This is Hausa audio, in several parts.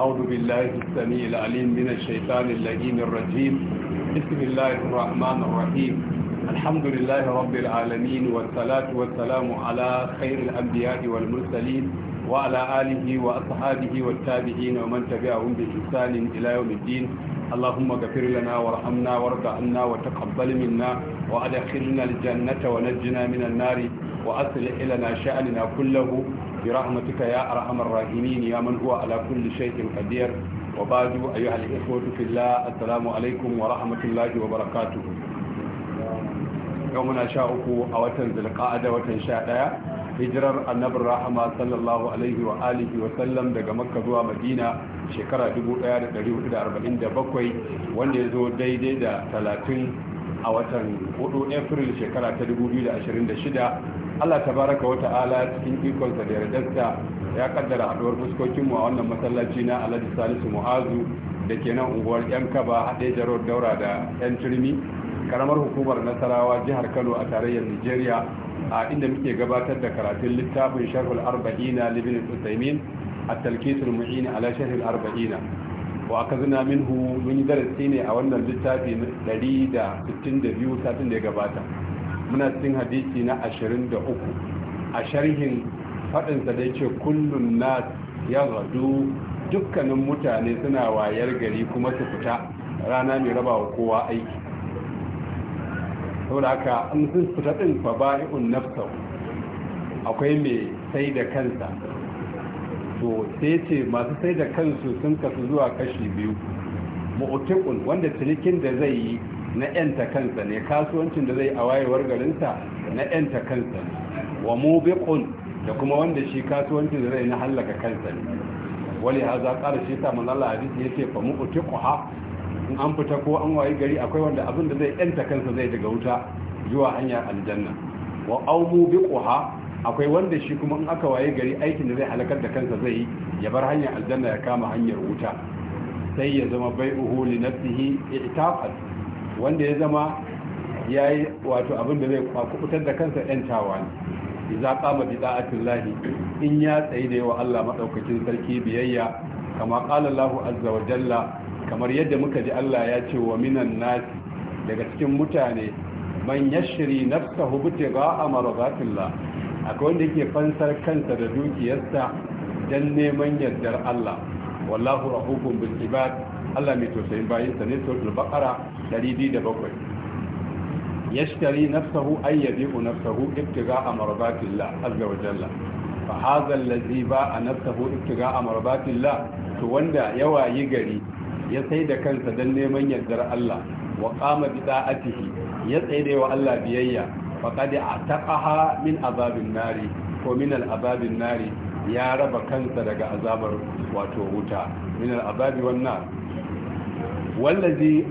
أعوذ بالله السميع العليم من الشيطان اللجيم الرجيم بسم الله الرحمن الرحيم الحمد لله رب العالمين والصلاة والسلام على خير الأنبياء والمرسلين وعلى آله وأصحابه والتابعين ومن تبعهم بإحسان إلى يوم الدين اللهم اغفر لنا وارحمنا وارض عنا وتقبل منا وأدخلنا الجنة ونجنا من النار وأصلح لنا شأننا كله برحمتك يا أرحم الراحمين يا من هو على كل شيء قدير وبعد أيها الإخوة في الله السلام عليكم ورحمة الله وبركاته يومنا شاءك أوتن daga makka zuwa madina shekara ya zo daidai da 30 a watan 4 april shekara Allah tabaraka wa ta'ala cikin ikonsa da yardarsa ya kaddara haduwar fuskokin mu a wannan masallaci na Alhaji Salisu Mu'azu da ke nan unguwar Yan Kaba haɗe da Daura da Yan Turmi karamar hukumar Nasarawa jihar Kano a tarayyar Nigeria a inda muke gabatar da karatun littafin Sharhul Arba'ina Libin Usaimin at-Talqisul Mu'in ala Sharhul Arba'ina wa akazna minhu mun darasi ne a wannan littafi 162 satin da ya gabata muna cikin hadisi na 23 a sharhin faɗinsa da yake kullun na ya gadu dukkanin mutane suna wayar gari kuma su fita rana mai raba wa kowa aiki saboda haka an sun fita ɗin fa ba'i'un nafsau akwai mai sai da kansa to sai ce masu sai da kansu sun kasu zuwa kashi biyu mu'utikun wanda cinikin da zai yi na yanta kansa ne kasuwancin da zai a wayewar garinsa na yanta kansa ne wa biƙun da kuma wanda shi kasuwancin da zai na hallaka kansa ne wali haza qala shi ta manzala a hadisi yake fa mu kuha in an fita ko an wayi gari akwai wanda abin da zai yanta kansa zai daga wuta zuwa hanyar aljanna wa mu biƙuha akwai wanda shi kuma in aka waye gari aikin da zai halakar da kansa zai yi ya bar hanyar aljanna ya kama hanyar wuta sai ya zama bai'uhu li nafsihi i'tafa wanda ya zama ya yi wato abin da zai kubutar da kansa 'yan yantawa ne a kama bi lahi in ya tsaye da yawa Allah maɗaukakin sarki biyayya Kamar qala Lahu azza wa jalla kamar yadda muka ji Allah ya ce wa minan nasi daga cikin mutane man ya shiri yashri a bitiga la akwai wanda yake fansar kansa da dukiyarsa don neman yardar Allah wallahu rahukun bil ibad Allah mai tausayin bayin sa ne suratul baqara 207 yashtari nafsahu ay yabi'u nafsahu ibtiga'a mardatillah azza wa jalla fa hadha allazi ba'a nafsahu ibtiga'a mardatillah to wanda yawa yi gari ya sai da kansa dan neman yardar Allah wa qama bi da'atihi ya tsaye wa Allah biyayya faƙaɗi a taƙaha min azabin nari ko min al'azabin nari ya raba kansa daga azabar wato wuta min al'azabi wannan wallazi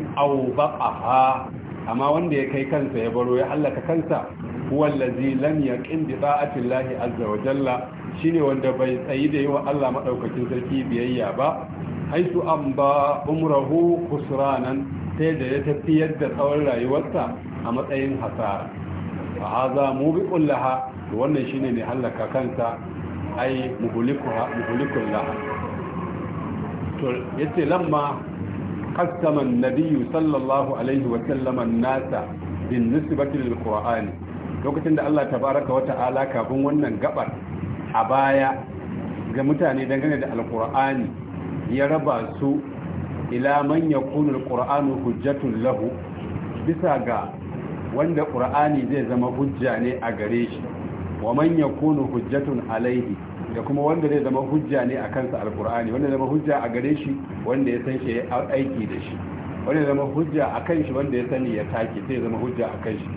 baqaha amma wanda ya kai kansa ya baro ya hallaka kansa wallazi lam yaqin bi ta'atillahi azza wa jalla shine wanda bai tsayi da yawa Allah madaukakin sarki biyayya ba haitu an ba umrahu khusranan sai da ya tafi yadda tsawon rayuwarsa a matsayin hasara fa hadha mubiqul laha wannan shine ne hallaka kansa ai mu muhlikul laha to yace lamma قسم النبي صلى nasa, عليه وسلم الناس بالنسبة للقرآن lokacin da Allah ta baraka wata ala kafin wannan gaɓar a baya ga mutane dangane da alqur'ani ya raba su ila man yakunu alqur'anu hujjatun lahu bisa ga wanda ƙur'ani zai zama hujja ne a gare shi wa man yakunu hujjatun alaihi da kuma wanda zai zama hujja ne a kansa alkur'ani wanda zama hujja a gare shi wanda ya san shi ya aiki da shi wanda zama hujja a kan shi wanda ya sani ya take sai zama hujja a kan shi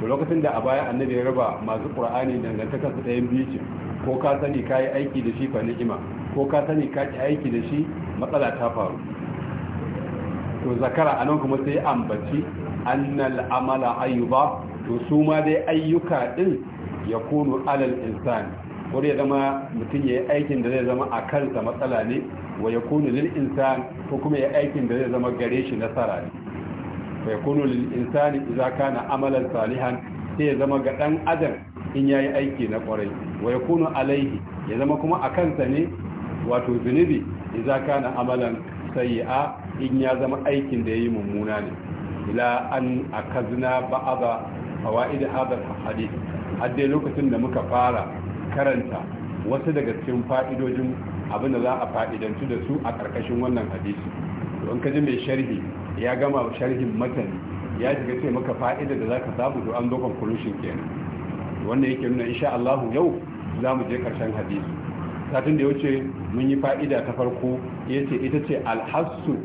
to lokacin da a baya annabi ya raba masu qur'ani dangantaka su ɗayan biyu ko ka sani ka aiki da shi fa ni'ima ko ka sani ka ki aiki da shi matsala ta faru to zakara anan kuma sai ambaci annal amala ayyuba to su ma dai ayyuka din yakunu alal insani ko ya zama mutum ya yi aikin da zai zama a kansa matsala ne wa ya kunu lil insan ko kuma ya aikin da zai zama gare shi nasara ne wa ya kunu lil insani idza kana amalan salihan sai ya zama ga dan adam in yayi aiki na kwarai wa ya kunu alaihi ya zama kuma a kansa ne wato zunubi idza kana amalan sayyi'a in ya zama aikin da yayi mummuna ne ila an akazna ba'ada fawaid hadha hadith hadde lokacin da muka fara karanta wasu daga cikin fa'idojin abin da za a fa'idantu da su a ƙarƙashin wannan hadisi don ka ji mai sharhi ya gama sharhin matani ya shiga ce maka fa'ida da za ka samu to an zo conclusion kenan wannan yake nuna insha allahu yau za mu je ƙarshen hadisi satin da ya wuce mun yi fa'ida ta farko ya ce ita ce alhassu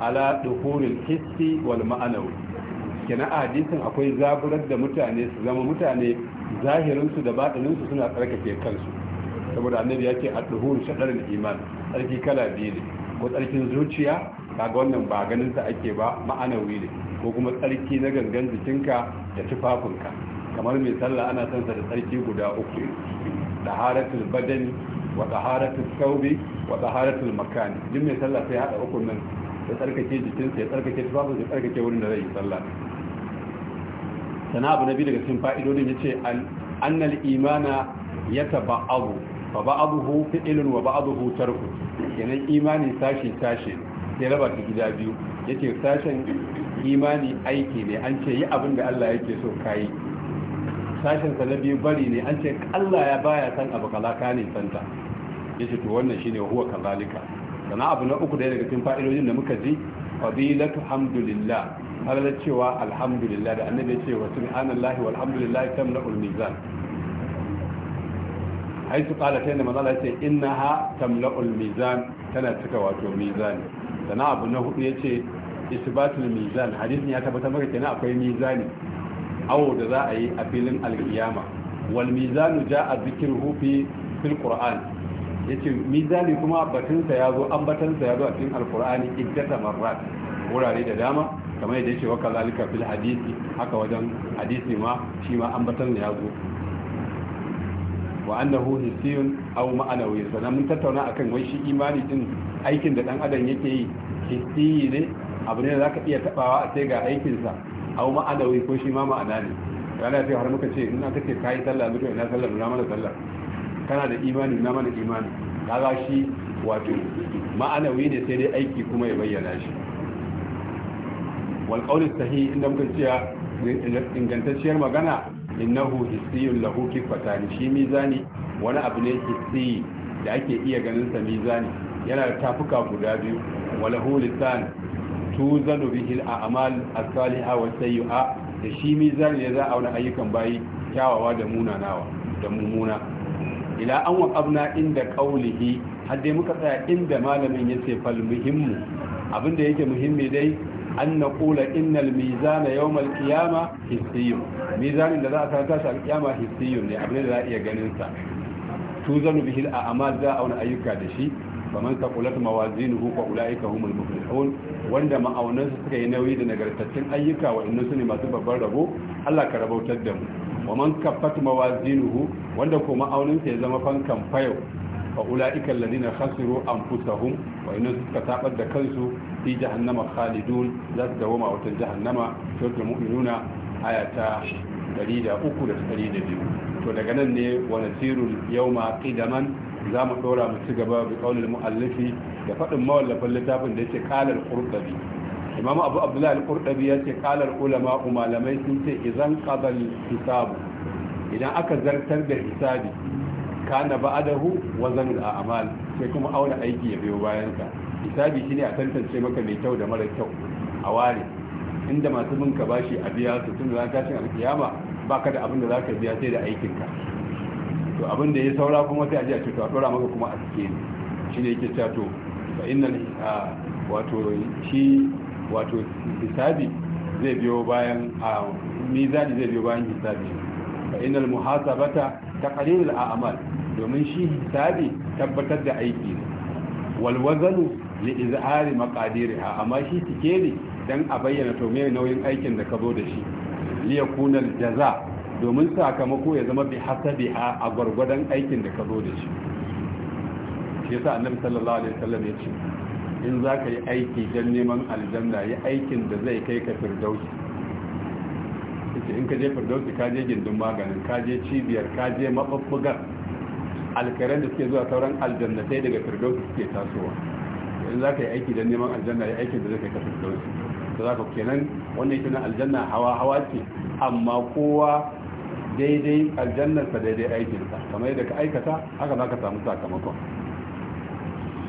ala duhurin hissi wal ma'anawi kenan a hadisin akwai zaburar da mutane su zama mutane zahirinsu da baɗininsu suna tsarkake kansu saboda annabi ya ce a ɗuhun shaɗarin iman tsarki kala biyu ne ko tsarkin zuciya kaga wannan ba ganin sa ake ba ma'anawi ne ko kuma tsarki na gangan jikinka da tufafinka kamar mai sallah ana son sa da tsarki guda uku da daharatul badani wa daharatul saubi wa daharatul makani duk mai sallah sai hada uku nan ya tsarkake jikinsa ya tsarkake tufafinsa ya tsarkake wurin da zai yi sallah sana abu na biyu daga cikin fa'idodin ya ce annal imana ya taba abu ba ba abu hu fi'ilun wa ba abu hu tarku kenan imani sashe sashi sai raba ta gida biyu ya ce sashen imani aiki ne an ce yi abin da allah yake so yi. sashen sa na biyu bari ne an ce allah ya baya san abu kalaka ne santa ya ce to wannan shine huwa kazalika sana abu na uku daya daga cikin fa'idodin da muka ji fadilatu hamdulillah har da cewa alhamdulillah da annabi ce wa subhanallahi walhamdulillah tamna'ul mizan ai su kala ta manzo ce innaha tamla'ul mizan tana cika wato mizani sana abu na hudu yace isbatul mizan ne ya tabbatar maka kenan akwai mizani awo da za a yi a filin alkiyama wal mizanu ja'a dhikruhu fi fil qur'an yace mizali kuma batunsa ya zo ambatansa ya zo a cikin alqur'ani iddata marrat wurare da dama kamar yadda yake waka zalika fil hadisi haka wajen hadisi ma shi ma ambatan ya zo wa annahu hisiyun aw ma'anawi sannan mun tattauna akan wai shi imani din aikin da dan adam yake yi hisiyi ne abu ne da zaka iya tabawa a sai ga aikin sa aw ma'anawi ko shi ma ma'ana ne yana sai har muka ce in aka ce kai sallah mutum ina sallah nuna mana sallah kana da imani na mana imani kaga shi wato ma'anawi ne sai dai aiki kuma ya bayyana shi wal qawl sahih inda muka cewa ingantacciyar magana innahu hissiyun lahu kifatan shi mizani wani abu ne hissiyi da ake iya ganin sa mizani yana da tafuka guda biyu wala hu lisan tuzanu bihi al-a'mal as-salihah wa sayyi'ah da shi mizani ne za a wani ayyukan bayi kyawawa da munanawa da mummuna ila an abna inda kaulihi har dai muka tsaya inda malamin ya yace fal muhimmu abinda yake muhimmi dai an na kula innal mizana yawmal qiyama hissiyun mizan da za a tashi a kiyama hisiyu ne abin da za a iya ganin sa tuzanu bihil a'mal za a wani ayyuka da shi faman saqulat mawazinuhu fa ulaika humul muflihun wanda ma'aunan su suka yi nauyi da nagartaccen ayyuka wa inna sune masu babbar rabo Allah ka rabautar da mu wa man kaffat mawazinuhu wanda ko ma'aunin sa ya zama fankan fayo fa ulaika alladhina khasiru anfusahum wa inna suka tabar da kansu fi jahannama khalidun za su dawoma wata jahannama suratul mu'minuna ayata 103 da 102 to daga nan ne wa nasirul yawma qidaman za mu ɗora mu ci gaba bi ƙaunar da faɗin mawallafin littafin da yake kalar ƙurɗabi imam abu abdullahi al-ƙurɗabi ya ce kalar ulama malamai sun ce idan qadal hisabu idan aka zartar da hisabi kana ba'adahu wazanul a'mal sai kuma auna aiki ya biyo bayan sa hisabi shine a tantance maka mai kyau da mara kyau a ware inda masu bin ka bashi a biya su tun da tashin alkiyama baka da abin da zaka biya sai da aikin ka to abin da ya saura kuma sai a ji a ce to a dora maka kuma a suke ne shi ne yake cewa to fa innal wato shi wato hisabi zai biyo bayan a mizani zai biyo bayan hisabi fa innal muhasabata al a'mal domin shi hisabi tabbatar da aiki ne wal wazanu li izhari maqadirha amma shi tike ne dan a bayyana to me nauyin aikin da ka zo da shi Liya yakuna jaza domin sakamako ya zama bi hasabiha a gwargwadon aikin da ka zo da shi shi yasa annabi sallallahu alaihi wasallam ya ce in za ka yi aiki don neman aljanna ya aikin da zai kai ka firdausi yace in ka je firdausi ka je gindin maganin ka je cibiyar ka je mafafugar alkaran da suke zuwa sauran aljannatai daga firdausi suke tasowa in za ka yi aiki don neman aljanna ya aikin da zai kai ka firdausi da za ka kenan wannan yake na aljanna hawa hawa ce amma kowa daidai aljannarsa daidai aikinsa kamar yadda ka aikata haka za ka samu sakamakon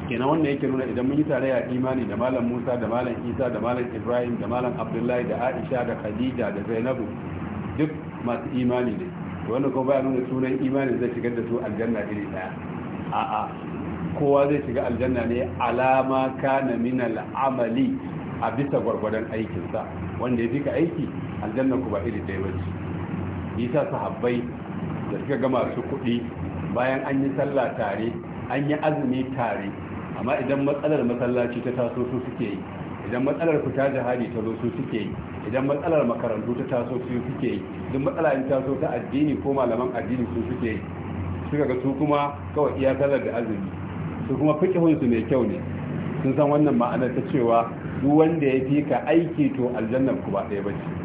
kenan wannan yake nuna idan mun yi tarayya imani da malam musa da malam isa da malam ibrahim da malam abdullahi da aisha da khadija da zainabu duk masu imani ne to wannan kuma baya nuna sunan imani zai shigar da su aljanna iri daya a'a kowa zai shiga aljanna ne alama kana min al'amali a bisa gwargwadon aikinsa wanda ya fi ka aiki aljanna ku ba iri daya bace su habbai da suka ga masu kuɗi bayan an yi sallah tare an yi azumi tare amma idan matsalar masallaci ta taso su suke yi idan matsalar fita jihadi ta zo su suke yi idan matsalar makarantu ta taso su suke yi duk matsala in taso ta addini ko malaman addini su suke yi suka ga su kuma kawai iya sallar da azumi su kuma fikihun su mai kyau ne sun san wannan ma'anar ta cewa duk wanda ya fi ka aiki to aljannar ku ba ɗaya ce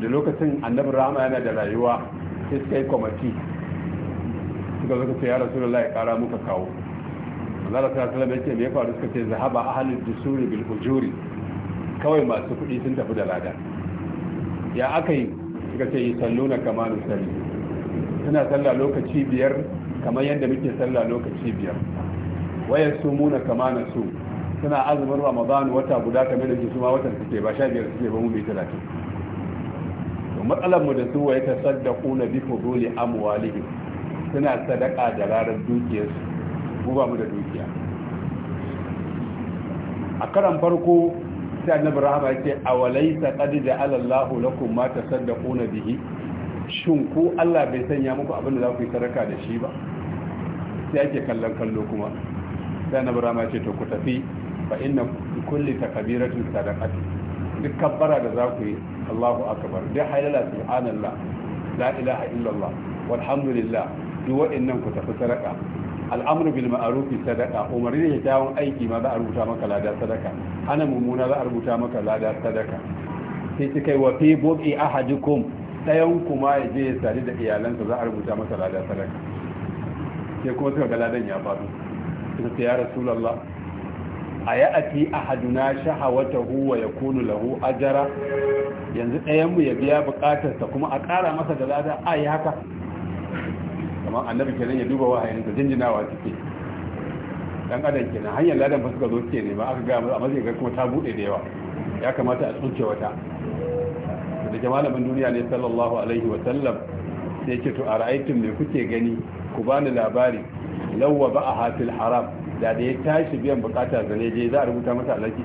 lokacin da lokacin annabi rama yana da rayuwa sai suka yi kwamati suka zo ce ya la'i kara muka kawo ta sallallahu alaihi wasallam me mai faru suka ce zahaba ahlud dusuri bil ujuri kawai masu kuɗi sun tafi da lada ya aka yi suka ce yi na kama sari suna sallah lokaci biyar kamar yadda muke sallah lokaci biyar waya su muna kama na su suna azumin ramadan wata guda kamar da su ma watan suke ba sha biyar suke ba mu bai talatin to matsalar mu da su wa ta saddaku na bi fuduli amwalihim suna sadaka da rarar dukiyarsu mu ba mu da dukiya a karan farko sai annabi rahama yake awalaita qad ja'ala Allahu lakum ma tasaddaquna bihi shin ko Allah bai sanya muku abin da za ku yi sadaka da shi ba sai ake kallon kallo kuma sai annabi rahama ce to ku tafi fa inna kulli takbiratin sadaqatu duk kabbara da za ku yi Allahu akbar duk halala subhanallah la ilaha illallah walhamdulillah duk nan ku tafi sadaka al'amru bil ma'arufi sadaka umarni da kyawun aiki ma za a rubuta maka lada sadaka ana mummuna za a rubuta maka lada sadaka sai su kai wa fi bubi ahadukum kuma ya je ya sadu da iyalansa za a rubuta masa lada sadaka sai kuma suka ga ladan ya faɗo suka ya rasulallah. a ya ati ahaduna shahawatahu wa yakunu lahu ajra yanzu ɗayan mu ya biya bukatarsa kuma a ƙara masa da lada a yi haka kamar annabi kenan ya duba wahayin da jinjinawa take dan adam kenan hanyar ladan ba suka zo ne ba aka ga a matsayin kuma ta bude da yawa ya kamata a tsunce wata da jama'an duniya ne sallallahu alaihi wa sallam sai ce to a ra'aytum me kuke gani ku bani labari lawwa ba a hafil haram da da ya tashi biyan bukata zane je za a rubuta masa alaki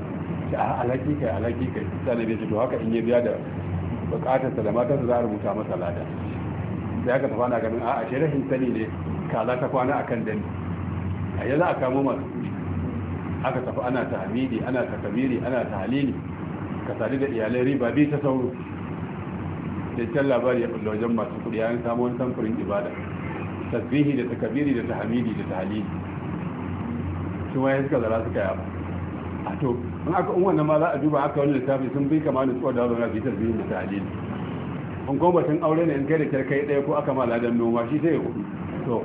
a alaki kai alaki kai sai bai to haka in ya biya da bukatar sa da matarsa za a rubuta masa lada sai aka tafa na ganin a shi rashin sani ne kala ta kwana akan dani a yanzu a kamo masu aka tafi ana ta hamidi ana ta kabiri ana ta halili ka sadu da iyalai riba bi ta sauro can labari ya kulle wajen masu kuɗi ya samo wani samfurin ibada tasbihi da ta Kabiri da ta Hamidi da ta Halili. su ma ya suka zara suka yaba a to in aka in wannan ma za a duba aka wani littafi sun bi kamar da da wani bitar biyu da ta'adil in kuma batun aure ne in kai da kyarkai ɗaya ko aka ma ladan noma shi sai ya to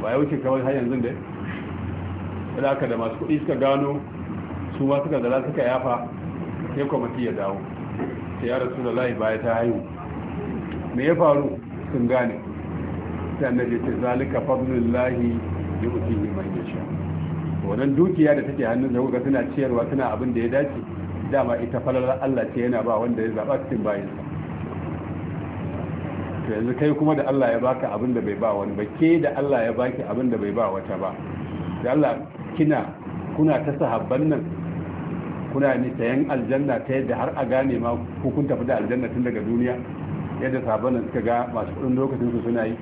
ba ya wuce kawai har yanzu dai da aka da masu kuɗi suka gano su ma suka zara suka yafa sai kwamiti ya dawo sai ya rasu da layi baya ta haihu me ya faru sun gane sannan da ce zalika yi yu'tihi man yasha wannan dukiya da take hannun da suna ciyarwa suna abin da ya dace dama ita falalar Allah ce yana ba wanda ya zaba cikin bayansa to yanzu kai kuma da Allah ya baka abin da bai ba wani ba ke da Allah ya baki abin da bai ba wata ba da Allah kina kuna ta sahabban nan kuna ne sayan aljanna ta yadda har a gane ma ko kun tafi da aljanna tun daga duniya yadda sahabban nan suka ga masu kudin lokacin su suna yi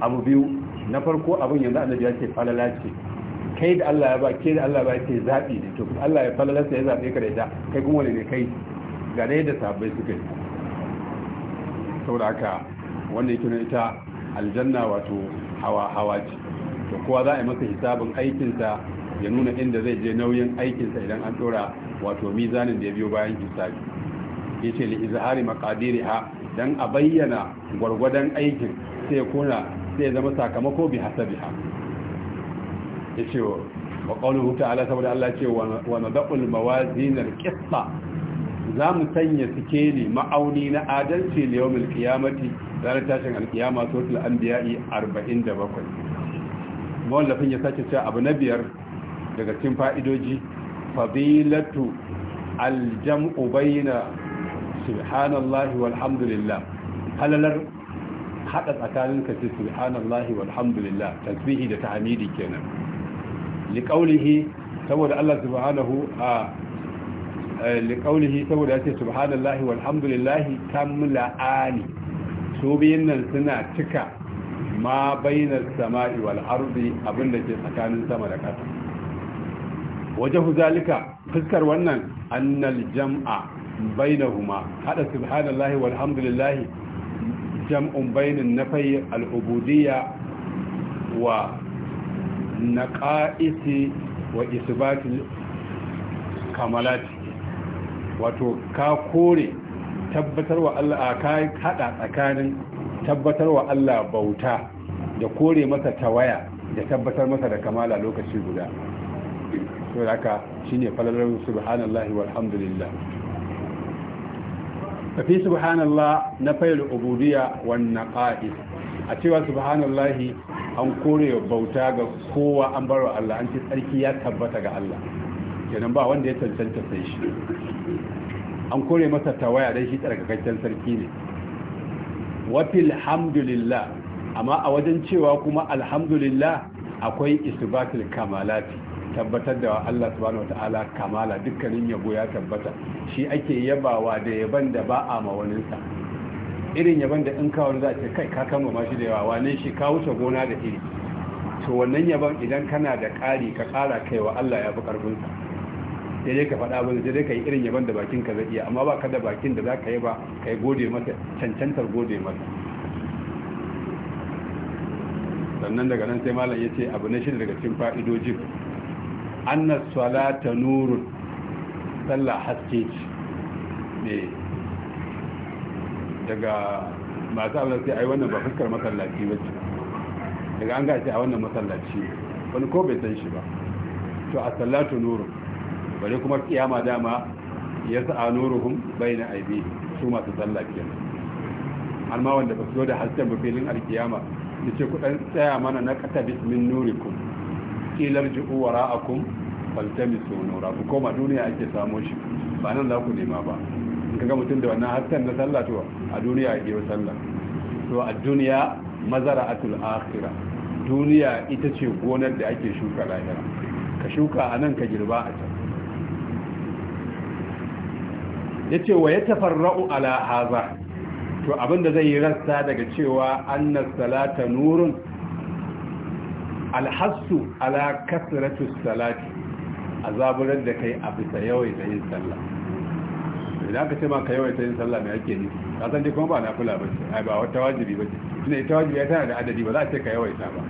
abu biyu na farko abin yanzu annabi ya ce falala ce kai da Allah ya ba ke da Allah ba ce zabi ne to Allah ya falala sai ya zabe ka da kai kuma wani ne kai ga dai da sabai suka yi saboda haka wanda yake ita aljanna wato hawa hawa ce to kowa za a yi masa hisabin aikinsa ya nuna inda zai je nauyin aikinsa idan an tsora wato mizanin da ya biyo bayan hisabi yace li izhari maqadiriha dan a bayyana gwargwadon aikin sai kuna sai ya zama sakamako bi hasabiha yace wa qawluhu ta'ala saboda Allah ce wa nadqul mawazin al-qista za mu sanya ne ma'auni na adalci ne yawon alkiyamati ranar tashin alkiyama total an biya'i 47 mawallafin ya sace cewa abu na biyar daga cikin fa'idoji fadilatu aljam'u bayna subhanallahi walhamdulillah halalar Haɗa tsakanin ka ce subhanallahi walhamdulillah tasbihi da tahmidi kenan li qawlihi saboda Allah subhanahu a li qawlihi saboda yace subhanallahi walhamdulillah tamla'ani so biyan nan suna cika ma bainas sama'i wal ardi abinda ke tsakanin sama da ƙasa wajahu zalika fuskar wannan annal jam'a bainahuma hada subhanallahi walhamdulillah jam'un bainin na fayi al'ubudiyya wa na ƙa'isi wa isbatin kamalati wato ka kore wa Allah ka haɗa tsakanin tabbatarwa Allah bauta da kore masa tawaya da tabbatar masa da kamala lokaci guda. saboda haka shine falalar subhanallahi walhamdulillah fi subhanallah na fayil ubudiyya wan naqa'is a cewa subhanallah an kore bauta ga kowa an barwa Allah an ce tsarki ya tabbata ga Allah kenan ba wanda ya cancanta sai shi an kore masa tawaya dan shi tsarkakakken sarki ne wa fil amma a wajen cewa kuma alhamdulillah akwai isbatul kamalati tabbatar da Allah subhanahu wataala kamala dukkanin yabo ya tabbata shi ake yabawa da yaban da ba a ma sa irin yaban da in wani za ce kai ka kama ma shi da yawa wane shi ka wuce gona da iri to wannan yaban idan kana da ƙari ka ƙara wa Allah ya fi ƙarfinsa sai dai ka faɗa ba sai dai ka yi irin yaban da bakin ka zai iya amma ba ka da bakin da za ka yi ba ka yi gode masa cancantar gode masa sannan daga nan sai malam ya ce abu na shi daga cikin fa'idojin annas salata nurun sallah haske ce daga masu abin sai ai wannan ba fuskar masallaci ba ce daga an gashi a wannan masallaci wani ko bai san shi ba to a salatu nurun bare kuma kiyama dama ya sa'a bai na aibi su masu sallah kenan ma wanda ba su da hasken ba filin alkiyama da ce kudan tsaya mana na kata bismin nurikum ilar ji'u wa da faltamisu nura ku koma duniya ake samo shi ba nan za ku nema ba in kaga mutum da wannan hasken na sallah to a duniya ake yi sallah to a duniya mazara a akhirah duniya ita ce gonar da ake shuka lahira ka shuka a nan ka girba a can yace wa ya yatafarra'u ala haza, to abinda zai yi rasta daga cewa annas salata nurun alhassu ala kasratu salati azaburan da kai a bisa yawai da yin sallah idan ka ce ma ka yawai ta yin sallah mai ake nufi ka san dai kuma ba na kula ba ce ai ba wata wajibi ba ce tunda ita wajibi ya tana da adadi ba za a ce ka yawaita ba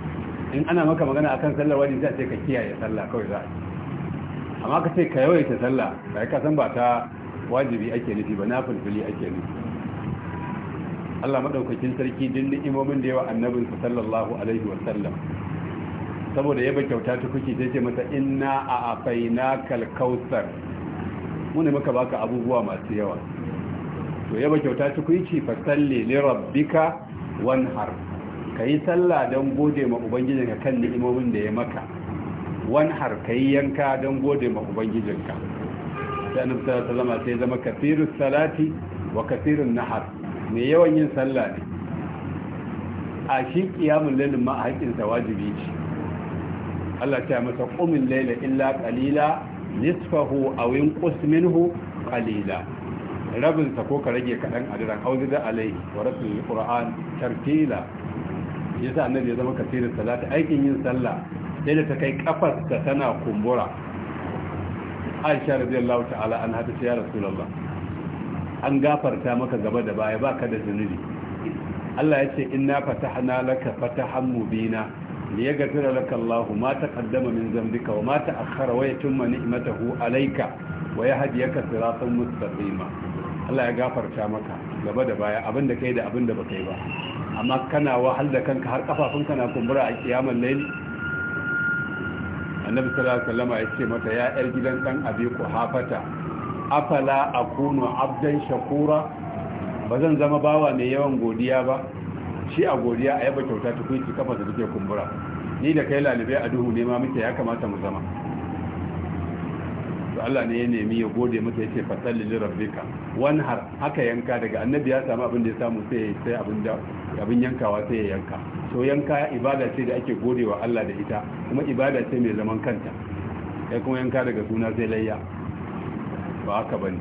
in ana maka magana akan sallah wani za a ce ka kiyaye sallah kawai za a ce amma ka ce ka yawaita sallah Ba ka san ba ta wajibi ake nufi ba na fulfuli ake nufi Allah madaukakin sarki din ni'imomin da yawa annabinsa sallallahu alaihi wa sallam saboda yaba kyauta ta kuke zai ce mata inna a afaina kalkausar mu ne maka baka abubuwa masu yawa to yaba kyauta ta kuke fa salli li rabbika ka yi sallah don gode ma ubangijinka kan ni'imomin da ya maka har ka yi yanka don gode ma ubangijinka sai annabi sallallahu alaihi sai zama kasirus salati wa kasirun nahar mai yawan yin sallah ne a shi kiyamul lailin ma haƙƙinsa wajibi ce Allah ta masa qumil layla illa ƙalila nisfahu aw wurin minhu qalila rabin sa ko ka rage kadan adiran auziza alai wa rasul qur'an tartila yasa annabi ya zama kasirin salati aikin yin sallah sai da ta kai kafar tana kumbura aisha radiyallahu ta'ala an hada ya rasulullah an gafarta maka gaba da baya baka da zunubi Allah ya ce inna fatahna laka fatahan mubina ma لك الله ما تقدم من ذنبك وما تأخر ويتم نعمته عليك ويهديك صراطا مستقيما Allah ya gafarta maka gaba da baya abin da kai da abin da baka ba amma kana wahal da kanka har kafafun kana kumbura a kiyamar laili annabi sallallahu alaihi wasallam ya ce mata ya yar gidan dan abi ku hafata afala akunu abdan shakura bazan zama bawa mai yawan godiya ba shi a godiya a yaba kyauta ta kuyi kafa da take kumbura ni da kai lalibai a duhu ne ma muke ya kamata mu zama to Allah ne ya nemi ya gode masa yake fasalli li rabbika har haka yanka daga annabi ya samu abin da ya samu sai sai abin da abin yankawa sai ya yanka to yanka ibada ce da ake godewa Allah da ita kuma ibada ce mai zaman kanta kai kuma yanka daga suna sai layya ba haka bane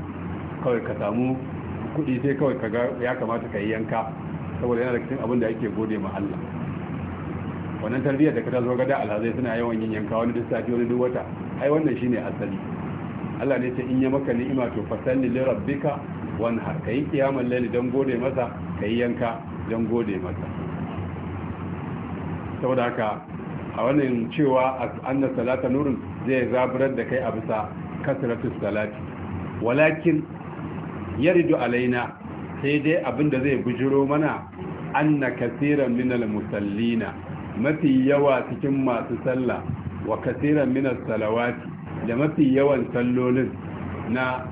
kawai ka samu kuɗi sai kawai ka ga ya kamata ka yi yanka saboda yana da cikin abin da ake gode ma Allah wannan tarbiyyar da ka taso gada alhazai suna yawan yin yanka wani duk sati wani duk wata ai wannan shi ne asali Allah ne ce in ya maka ni'ima to fasalli li rabbika wanhar yi kiyamar laili don gode masa yi yanka don gode masa saboda haka a wannan cewa anna salata nurun zai zaburar da kai a bisa kasratus salati walakin yaridu alaina sai dai abin da zai bujiro mana anna kasiran minal musallina mafi yawa cikin masu salla wa kasiran minal salawati da mafi yawan sallolin na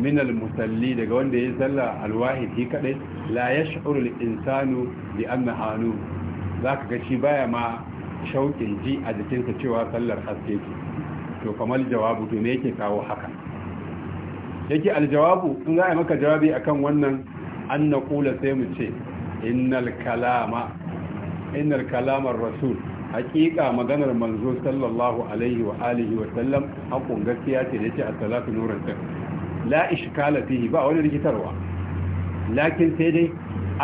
minal musalli daga wanda ya yi sallah alwahidi kadai la yash'urul insanu bi anna nur zaka ga shi baya ma shauƙin ji a jikinsa cewa sallar haske ce to kamar jawabu to me yake kawo haka yake aljawabu in za a maka jawabi akan wannan an na kula sai mu ce innal kalamar rasul hakika maganar manzo sallallahu alaihi wa alihi wa sallam hakun gaskiya ce da yake a salatu nuran ta la ishkala fihi ba wani rikitarwa lakin sai dai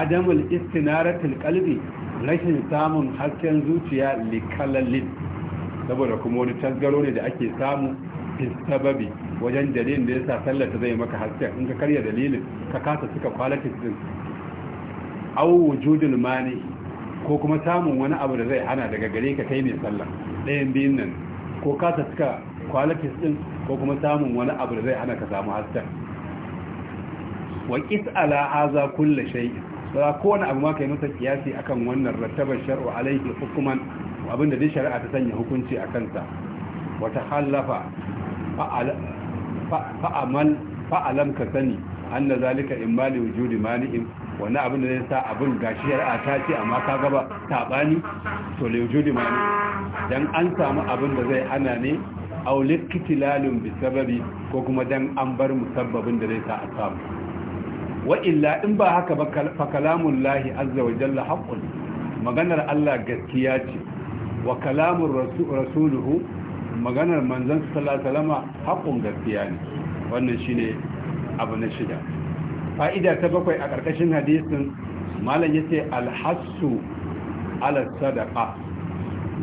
adamul istinaratul qalbi rashin samun hasken zuciya likalalin saboda kuma wani tasgaro ne da ake samu fi sababi wajen dalilin da ya sa sallar ta zai maka hasken in ka karya dalilin ka kasa suka qualities din aw wujudul mani ko kuma samun wani abu da zai hana daga gare ka kai ne sallar ɗayan biyun nan ko kasa suka kwalatis din ko kuma samun wani abu da zai hana ka samu hasken wa qis ala haza kulli shay ba wani abu ma kai masa kiyasi akan wannan rattabar shar'u alaihi hukuman abinda dai shari'a ta sanya hukunci a kansa wata halafa fa’aman fa'alam ka sani an na zalika in mali wujudi mani'in wani abin da zai sa abin gashi yar'a ta ce amma ka gaba taɓani to le wujudi mani'in don an samu abin da zai hana ne aulik kitilalin bisababi ko kuma dan an bar musabbabin da zai sa a samu wa illa in ba haka ba fa kalamun lahi azza wa jalla haqqun maganar Allah gaskiya ce wa kalamun rasuluhu maganar manzon salama haƙun gaskiya ne wannan shine abu na shida fa'ida ta bakwai a ƙarƙashin hadisin malam yace alhassu ala sadaqa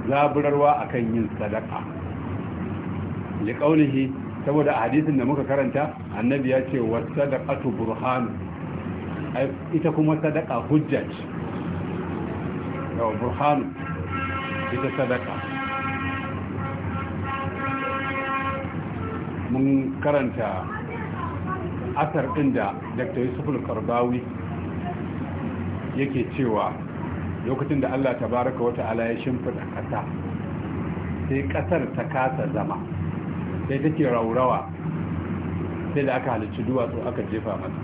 zaburarwa akan yin sadaqa liqaulihi saboda a hadisin da muka karanta annabi ya ce was sadaqatu burhan ita kuma sadaqa hujjat yau burhan ita sadaqa mun karanta asar ɗin da dr yusuful karbawi yake cewa lokacin da allah tabaraka wata ala ya shimfida ƙasa sai ƙasar ta kasa zama sai take raurawa sai da aka halicci duwatsu aka jefa mata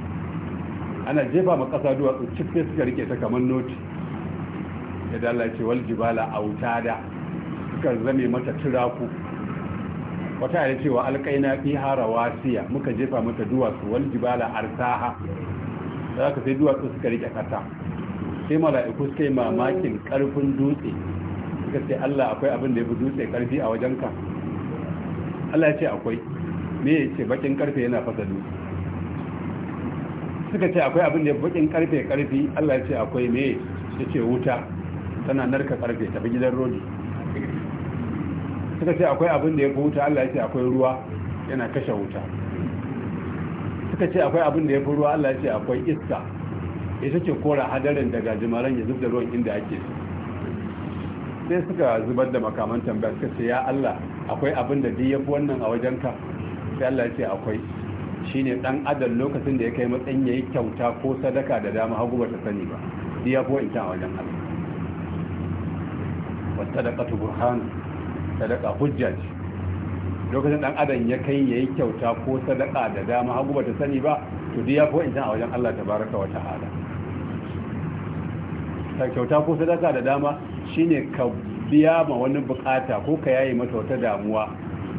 ana jefa ma ƙasa duwatsu cikin suka rike ta kamar noti ya dalace wal jibala da suka zame mata turaku wata ya cewa alƙaina fi wasiya muka jefa mata duwatsu wal jibala arsaha da aka sai duwatsu suka rike kasa sai mala'iku suka yi mamakin karfin dutse suka ce Allah akwai abin da ya fi dutse karfi a wajenka Allah ya ce akwai me ya ce bakin karfe yana fasa dutse suka ce akwai abin da ya bakin karfe karfi Allah ya ce akwai me ya ce wuta tana narka karfe tafi gidan rodi suka ce akwai abin da ya fi wuta Allah ya ce akwai ruwa yana kashe wuta suka ce akwai abin da ya fi ruwa Allah ya ce akwai iska ya ce kora hadarin daga jimaren ya zub da ruwan inda ake su sai suka zubar da makaman tambaya suka ce ya Allah akwai abin da ya fi wannan a wajen ka, sai Allah ya ce akwai shine dan adal lokacin da ya kai matsayin ya yi kyauta ko sadaka da dama hagu ba ta sani ba ya fi ta a wajen Allah ƙatu burhan sadaka hujja ce lokacin dan adam ya kai yayi kyauta ko sadaka da dama hagu ta sani ba to dai ya fi wa'ancan a wajen Allah tabaraka wa ta'ala ta kyauta ko sadaka da dama shine ka biya ma wani bukata ko ka yayi mata wata damuwa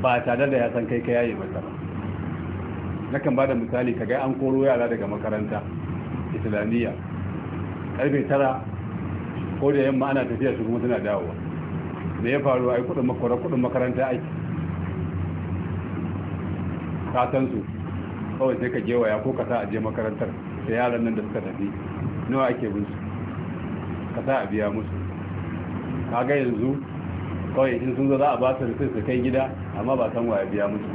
ba tare da ya san kai ka yayi mata ba nakan ba da misali ka ga an koro yara daga makaranta islamiyya karfe tara ko da yamma ana tafiya su kuma suna dawowa me ya faru a yi kudin makwara kudin makaranta aiki ka san su kawai sai ka gewaya ko ka sa a je makarantar da yaran nan da suka tafi nawa ake bin su ka sa a biya musu kaga yanzu kawai in sun zo za a ba su sai su kai gida amma ba san waya biya musu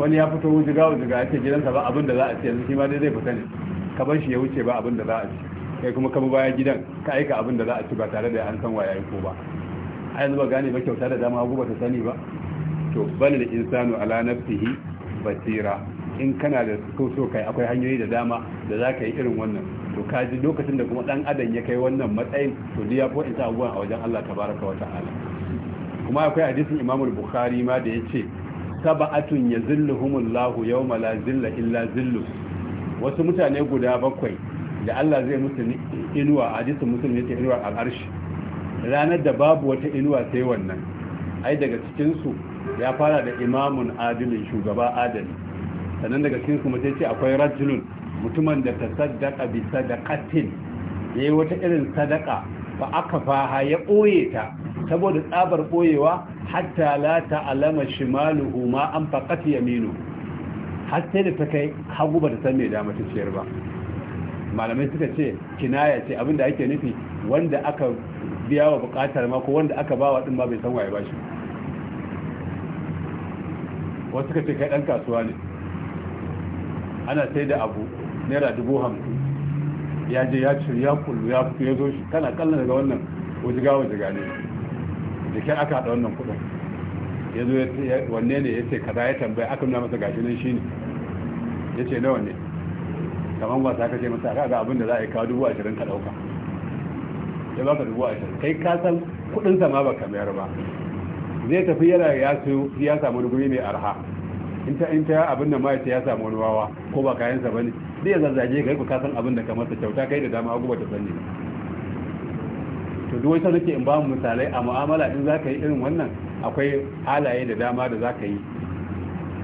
wani ya fito wujiga wujiga ya ce gidansa ba abin da za a ce yanzu shi ma dai zai fita ne ka shi ya wuce ba abin da za a ce kai kuma kama bayan gidan ka aika abin da za a ci ba tare da an san yi ko ba a yanzu ba gane ba kyauta da dama hagu ba ta sani ba to da insanu ala nafsihi basira in kana da so so kai akwai hanyoyi da dama da za ka yi irin wannan to ka ji lokacin da kuma dan adam ya kai wannan matsayin to ya in ta abuwan a wajen Allah tabaraka wa ta'ala kuma akwai hadisin Imam Bukhari ma da yace sab'atun yazilluhumullahu yawma la zilla illa zillu wasu mutane guda bakwai da Allah zai mutu inuwa a jisun muslim yake inuwa al'arshi ranar da babu wata inuwa sai wannan ai daga cikinsu ya fara da imamun adilin shugaba adali sannan daga cikin su ce akwai rajulun mutumin da ta saddaka bi sadaqatin yi wata irin sadaka ba aka faha ya ɓoye ta saboda tsabar ɓoyewa hatta la alama shimalu, ma an faqat yaminu sai da ta kai hagu ba ta san me dama ta ciyar ba malamai suka ce kinaya ce abinda ake nufi wanda aka biya wa bukatar ma ko wanda aka ba wa din ma bai san waye ba shi wasu suka ce kai dan kasuwa ne ana sai da abu naira dubu hamsin ya je ya ci ya kullu ya fito ya zo shi kana kallon daga wannan wajiga wajiga ne da kyan aka haɗa wannan kuɗin ya zo wanne ne ya ce kaza ya tambaya aka nuna masa gashi nan shi ne ya ce nawa ne kamar wasa ka ce masa kaga abin da za a yi kawo dubu ashirin ka ɗauka ya baka dubu ashirin kai ka san kuɗin sa ma baka mayar ba zai tafi yana ya siyo ya samu wani guri mai arha in ta in ta abin da ya samu wani wawa ko ba kayan sa bane zai zazzaje ga ka san abin da ka masa kyauta kai da dama abubuwa ta sani to duk wata nake in ba mu misalai a mu'amala in za ka yi irin wannan akwai halaye da dama da za ka yi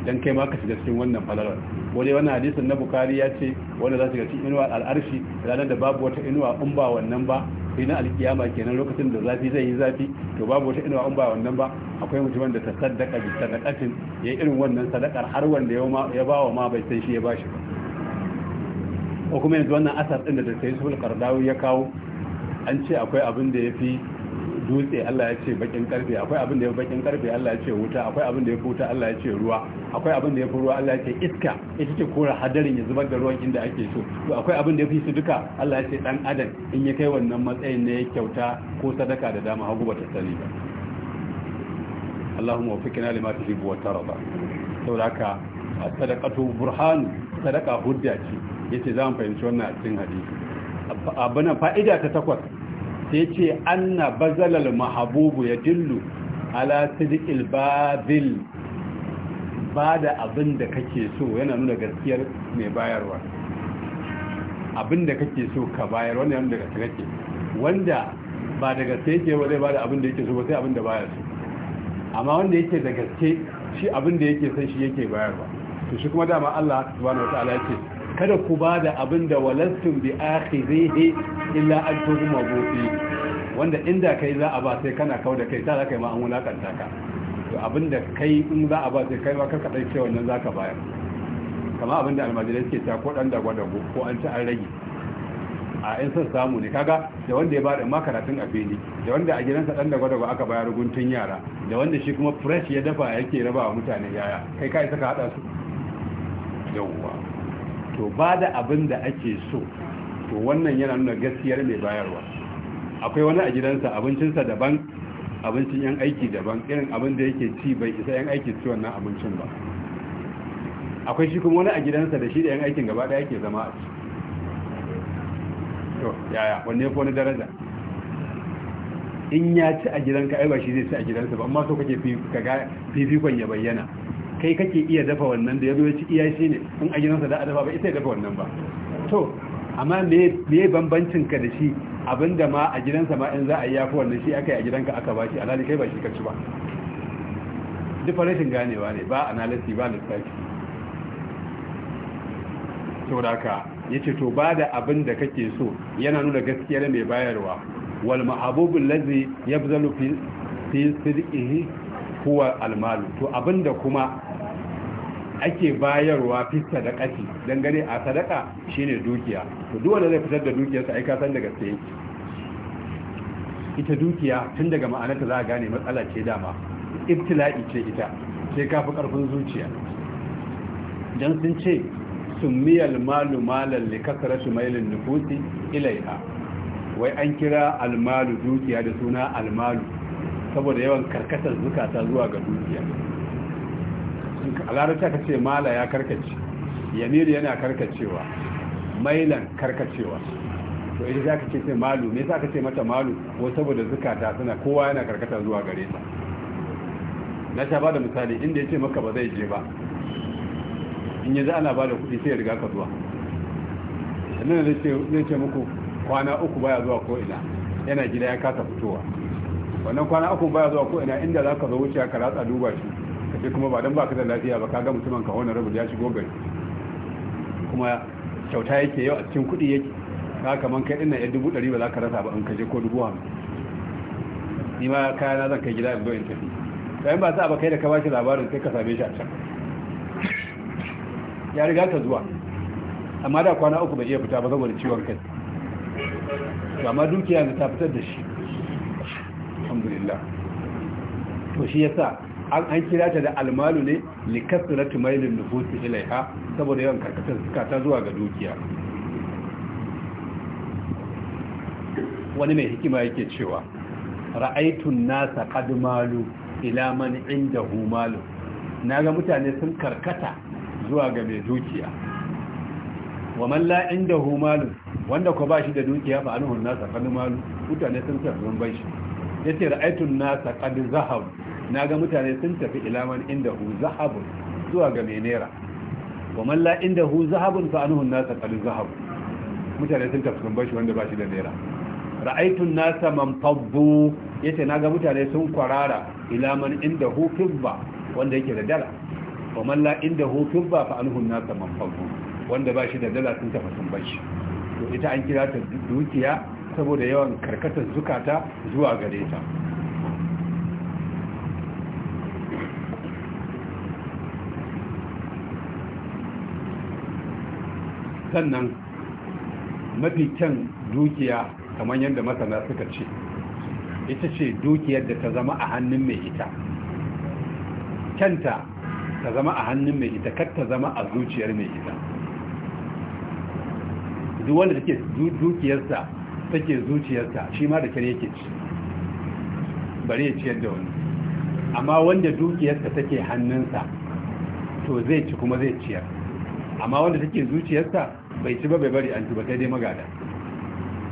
dan kai ma ka shiga cikin wannan falalar wani wannan hadisin na bukari ya ce wanda za su ga cikin inuwa al'arshi ranar da babu wata inuwa in ba wannan ba sai na alkiyama kenan lokacin da zafi zai yi zafi to babu wata inuwa in ba wannan ba akwai mutumin da ta saddaka bi ya yi irin wannan sadakar har wanda ya bawa ma bai san shi ya bashi ba ko kuma yanzu wannan asar din da ta sai sul qardawi ya kawo an ce akwai abin da yafi dutse Allah ya ce bakin karfe akwai abin da ya bakin karfe Allah ya ce wuta akwai abin da ya wuta Allah ya ce ruwa akwai abin da ya ruwa Allah ya ce iska ita ce kora hadarin ya zubar da ruwan inda ake so to akwai abin da ya fi duka Allah ya ce dan adam in ya kai wannan matsayin ne ya kyauta ko sadaka da dama hagu ba ta sani ba Allahumma wafiqna lima tuhibbu wa tarda saboda haka sadaqatu burhan sadaka hujja ce yace zamu fahimci wannan a cikin hadisi abana fa'ida ta takwas sai ce anna bazalal mahabubu ya dillu ala sidqil babil ba da abin da kake so yana nuna gaskiyar mai bayarwa abin da kake so ka bayar wannan yana daga kake wanda ba da gaske yake ba zai ba da abin da yake so ba sai abin da baya so amma wanda yake da gaske shi abin da yake san shi yake bayarwa to shi kuma dama Allah subhanahu wataala yake kada ku ba da abin da walastun bi akhirihi illa an tuhuma gobe wanda inda kai za a ba sai kana kawo da kai ta za ka yi ma an wulakanta ka to abin da kai in za a ba sai kai ma ka kadai ce wannan za ka bayar kama abin da almajirai suke ta ko dan dagwa dago ko an ci an rage a yan son samu ne kaga da wanda ya ba ma karatun a fili da wanda a gidansa dan dagwa dago aka bayar guntun yara da wanda shi kuma fresh ya dafa yake raba wa mutane yaya kai kai saka hada su yawwa to ba da abin da ake so to wannan yana nuna gaskiyar mai bayarwa akwai wani a gidansa abincinsa daban abincin yan aiki daban irin abin da yake ci bai isa yan aiki ci wannan abincin ba akwai shi kuma wani a gidansa da shi da yan aikin gaba da yake zama a ci to yaya wanne ko wani daraja in ya ci a gidanka ai ba shi zai ci a gidansa ba amma so kake fifikon ya bayyana kai kake iya dafa wannan da ya zo ya ci iya shi ne in a gidansa da a dafa ba ita ya dafa wannan ba to amma me bambancin ka da shi abinda ma a gidansa ma in za a yi yafi wannan shi aka yi a gidanka aka ba shi alhali kai ba shi kaci ba differential ganewa ne ba analysis ba lissafi saboda haka yace to ba da abin da kake so yana nuna gaskiyar mai bayarwa wal mahabubul ladzi yabzalu fi fi sirrihi huwa almalu to abinda kuma ake bayarwa da kashi don gani a sadaka shine dukiya to duk zai fitar da dukiyarsa ai ka san daga sai ita dukiya tun daga ma'anarta za a gane matsala ce dama ibtila'i ce ita sai kafi karfin zuciya dan sun ce summiyal malu malan li su mailin nufusi ilaiha wai an kira almalu dukiya da suna almalu saboda yawan karkatar zukata zuwa ga dukiya a larabci aka ce mala ya karkace yamiru yana karkacewa mailan karkacewa to idan za ka ce sai malu me za ka ce mata malu ko saboda zukata suna kowa yana karkata zuwa gare ta na sha bada misali inda ya ce maka ba zai je ba in yanzu ana bada kuɗi sai ya riga ka zuwa sannan zai ce muku kwana uku baya zuwa ko ina yana gida ya kasa fitowa wannan kwana uku baya zuwa ko ina inda za ka zo wuce ka ratsa duba shi kace kuma ba dan baka da lafiya ba kaga mutumin ka honorable ya shigo gari kuma kyauta yake yau a cikin kuɗi yake ka kaman kai dinnan yan dubu ɗari ba za ka rasa ba in ka je ko dubu hamsin ni ma kaya na zan kai gida in zo in tafi kayan ba sa ba kai da ka bashi labarin sai ka same shi a can ya riga ta zuwa amma da kwana uku bai iya fita ba saboda ciwon kai to amma dukiya ta fitar da shi alhamdulillah to shi yasa an kira ta da almalu ne likasratu mailin nufusi ilaiha saboda yawan karkatar zukata zuwa ga dukiya wani mai hikima yake cewa ra'aitun nasa qad malu ila man indahu malu naga mutane sun karkata zuwa ga mai dukiya wa man la indahu malu wanda ko shi da dukiya fa anhu nasa qad malu mutane sun karkata zuwa bai shi yace ra'aitun nasa qad zahabu na ga mutane sun tafi ilaman inda hu zahabun zuwa ga menera naira wa malla inda hu zahabun fa an nasa kalin zahab mutane sun tafi sun bashi wanda bashi da naira ra'aitun nasa man fabbu yace na ga mutane sun kwarara ilaman inda hu fibba wanda yake da dala wa la inda hu fibba fa an nasa man fabbu wanda bashi da dala sun tafi sun bashi to ita an kira ta dukiya saboda yawan karkatar zukata zuwa gare ta sannan mafi kyan dukiya kamar yadda masana suka ce ita ce dukiyar da ta zama a hannun mai ita kyanta ta zama a hannun mai ita kar ta zama a zuciyar mai ita duk wanda take dukiyarsa take zuciyarsa shi ma da kyan yake ci bari ya ciyar da wani amma wanda dukiyarsa take hannunsa to zai ci kuma zai ciyar amma wanda take zuciyarsa bai ci ba bai bari an ci ba sai dai magada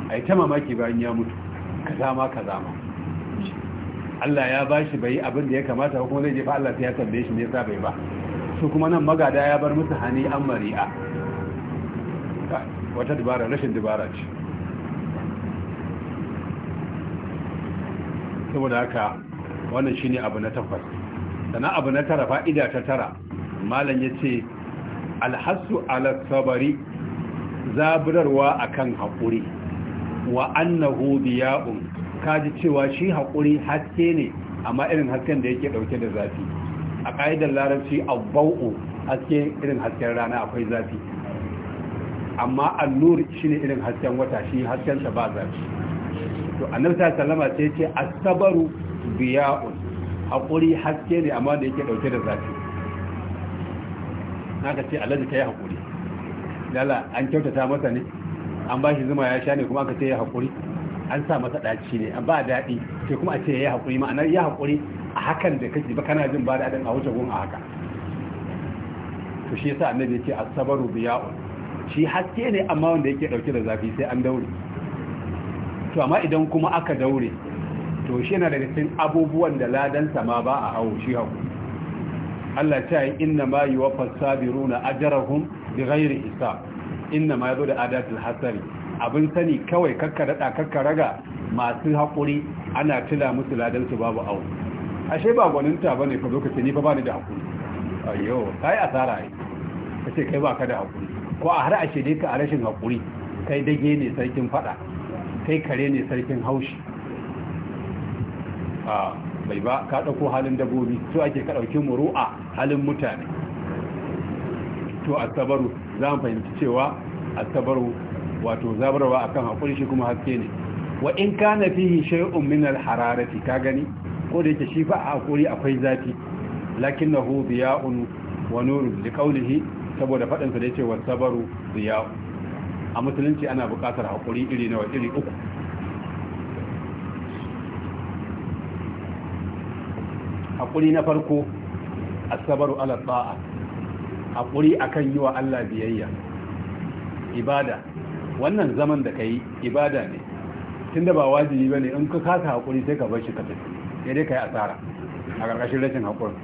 a yi ta mamaki bayan ya mutu ka ma ka ma Allah ya ba shi bai abin da ya kamata ko kuma zai jefa Allah sai ya tambaye shi me yasa bai ba su kuma nan magada ya bar musu hani an mari'a wata dubara rashin dubara ce saboda haka wannan shine abu na tabbas sannan abu na tara fa'ida ta tara malam yace alhasu ala sabari zaburarwa akan haƙuri wa annahu biya'un kaji cewa shi haƙuri haske ne amma irin hasken da yake ɗauke da zafi a ƙa'idar larabci abba'u haske irin hasken rana akwai zafi amma annur shine irin hasken wata shi hasken sa ba zafi to annabi sallama sai ce Asabaru biya'un haƙuri haske ne amma da yake ɗauke da zafi Na ka ce alaji kai haƙuri Lala an kyautata masa ne an ba shi zuma ya sha ne kuma aka ce ya haƙuri an sa masa ɗaci ne an ba daɗi sai kuma a ce ya haƙuri ma'anar ya haƙuri a hakan da kake ba kana jin ba daɗin a wuce gun a haka to shi yasa annabi yake asabaru biya'un shi haske ne amma wanda yake dauke da zafi sai an daure to amma idan kuma aka daure to shi yana daga cikin abubuwan da ladan sama ba a hawo shi hawo Allah ta yi inna ma yuwaffas fasabiruna ajrahum bi ghairi isa inna ma yazo da adatul hasari abin sani kawai kakkara da kakkara raga masu hakuri ana tila musu ladan su babu au ashe ba gwaninta bane ka zo ka ce ni fa ba da hakuri? ayyo ka yi asara ai ka kai ba ka da hakuri? ko a har ashe dai ka a rashin hakuri kai dage ne sarkin fada kai kare ne sarkin haushi a bai ba ka dauko halin dabobi to ake ka ɗauki muru'a halin mutane Wato asabaru za mu fahimci cewa asabaru wato zabarwa akan hakuri shi kuma haske ne wa in kana fihi shay'un min al-hararati ka gani ko da yake shi fa a hakuri akwai zafi lakinnahu diya'un wa nurun liqawlihi saboda faɗinsa da yake wasabaru diya'u a musulunci ana buƙatar hakuri iri na iri uku hakuri na farko asabaru ala ba'a. haƙuri akan yi wa Allah biyayya ibada wannan zaman da ka yi ibada ne tun da ba wajibi ba ne in ka kasa haƙuri sai ka bar shi ka tafi sai dai ka yi asara a ƙarƙashin rashin haƙuri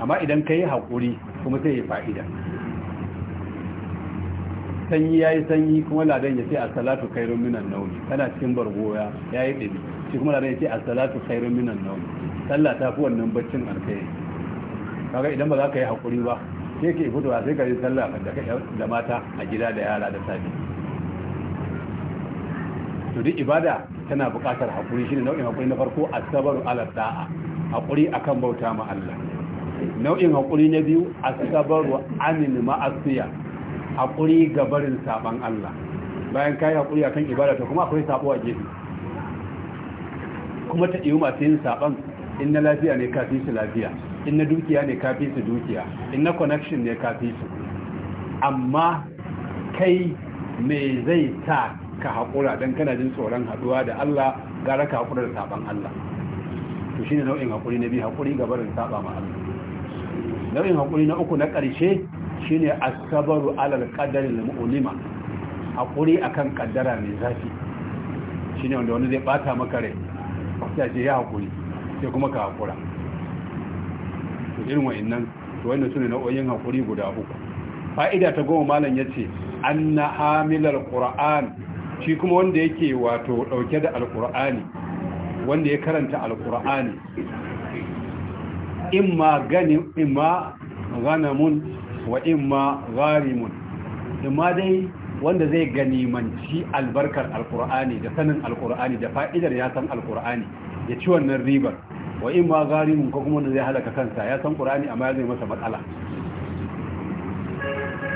amma idan ka yi haƙuri kuma sai ya fa'ida sanyi ya yi sanyi kuma ladan ya ce a salatu kairun minan nauni tana cikin bargoya ya yi ɗabi shi kuma ladan ya ce a salatu kairun minan nauni sallah ta fi wannan baccin alkai kaga idan ba za ka yi haƙuri ba sai ka yi a sai ka yi sallah da mata a gida da yara da sami to duk ibada tana buƙatar haƙuri shine nau'in haƙuri na farko asabaru ala da'a haƙuri akan bauta ma Allah nau'in haƙuri na biyu asabaru anin ma'asiya haƙuri ga barin saban Allah bayan kai haƙuri akan ibada to kuma akwai sabo a gefe kuma ta iya masu yin saban in na lafiya ne ka fi su lafiya in na dukiya ne ka fi su dukiya in na connection ne ka fi su amma kai me zai sa ka haƙura don kana jin tsoron haɗuwa da Allah gara ka haƙura da saɓan Allah to shine nau'in haƙuri na biyu haƙuri ga barin saɓa ma Allah nau'in haƙuri na uku na ƙarshe shine asabaru alal qadari lil mu'lima haƙuri akan kaddara mai zafi shine wanda wani zai bata maka rai sai ya haƙuri sai kuma ka hakura to irin to su ne guda uku fa'ida ta goma malam ya ce an na hamilar ƙura'an shi kuma wanda yake wato ɗauke da alƙura'ani wanda ya karanta alƙura'ani imma ganin imma ganamun wa imma gharimun imma dai wanda zai ganimanci albarkar alƙura'ani da sanin alƙura'ani da fa'idar ya san alƙura'ani ya ci wannan ribar wa in ma zalimin ko kuma da zai halaka kansa ya san qur'ani amma ya zai masa matsala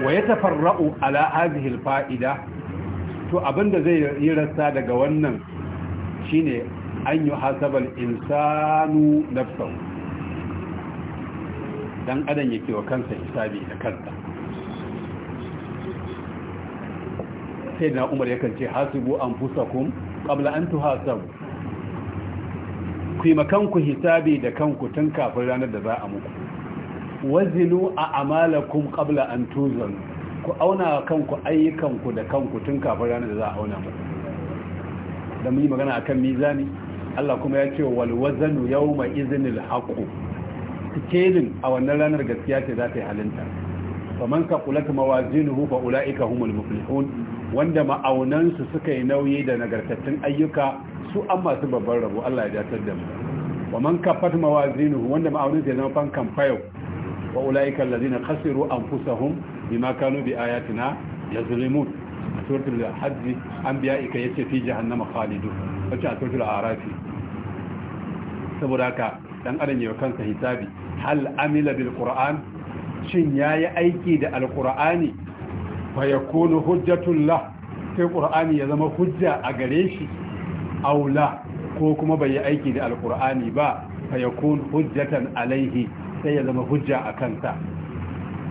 wa yatafarra'u ala hadhihi alfa'ida to abinda zai yi rassa daga wannan shine an yi hasabal insanu nafsahu dan adam yake wa kansa hisabi da kansa sai na umar yakan ce hasibu anfusakum qabla an tuhasabu ku yi makanku hisabi da kanku tun kafin ranar da za a muku wazinu a amalakum qabla an tuzan ku auna kanku ayyukanku da kanku tun kafin ranar da za a auna muku da mu yi magana akan mizani Allah kuma ya ce wal wazanu yawma iznil haqu tikelin a wannan ranar gaskiya ce za ta yi halinta faman saqulat mawazinuhu fa ulaika humul muflihun wanda ma'aunansu suka yi nauyi da nagartattun ayyuka su an masu babban rabo Allah ya datar da mu wa man kaffat mawazinuhu wanda ma'aunin ya zama fankan fayau wa ulaika allazina khasiru anfusahum bima kanu bi ayatina yazlimun suratul hajj ika yace fi jahannama khalidu wace a suratul arafi saboda haka dan adam yayin kansa hisabi hal amila bil qur'an shin yayi aiki da alqur'ani fa yakunu hujjatul lah sai qur'ani ya zama hujja a gare shi aula ko kuma bai yi aiki da alkur'ani ba fa yakun hujjatan alaihi sai ya zama hujja a kansa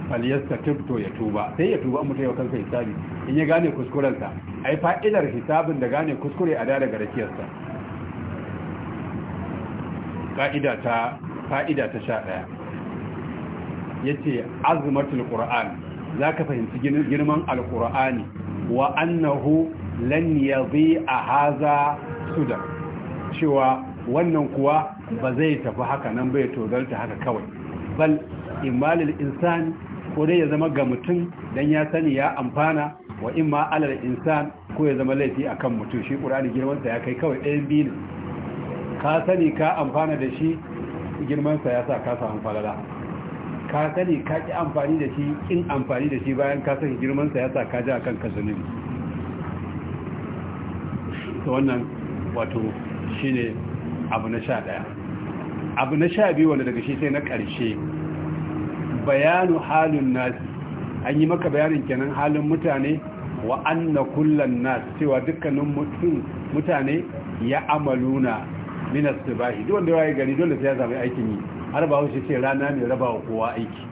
falyastatib to ya tuba sai ya tuba mutai wa kansa hisabi in ya gane kuskurensa ai fa'idar hisabin da gane kuskure a da daga sa ka'ida ta fa'ida ta 11 yace azmatul qur'an zaka fahimci girman alkur'ani wa annahu lan yadhi'a hadha da cewa wannan kuwa ba zai tafi haka nan bai tozarta haka kawai bal imalil insan ko dai ya zama ga mutum don ya sani ya amfana wa imma alal insan ko ya zama laifi akan mutum shi qur'ani girman sa ya kai kawai ɗayan biyu ne ka sani ka amfana da shi girman sa ya sa ka samu falala ka sani ka ƙi amfani da shi in amfani da shi bayan ka sani girman sa ya sa ka ji akan kan zunubi wannan wato shi ne abu na sha ɗaya abu na sha biyu wanda daga shi sai na ƙarshe bayanu halin nasi an yi maka bayanin kenan halin mutane wa anna kullan nas cewa dukkanin mutum mutane ya amaluna minas sibahi duk wanda gari dole sai ya samu aikin yi har ba wuce ce rana ne raba wa kowa aiki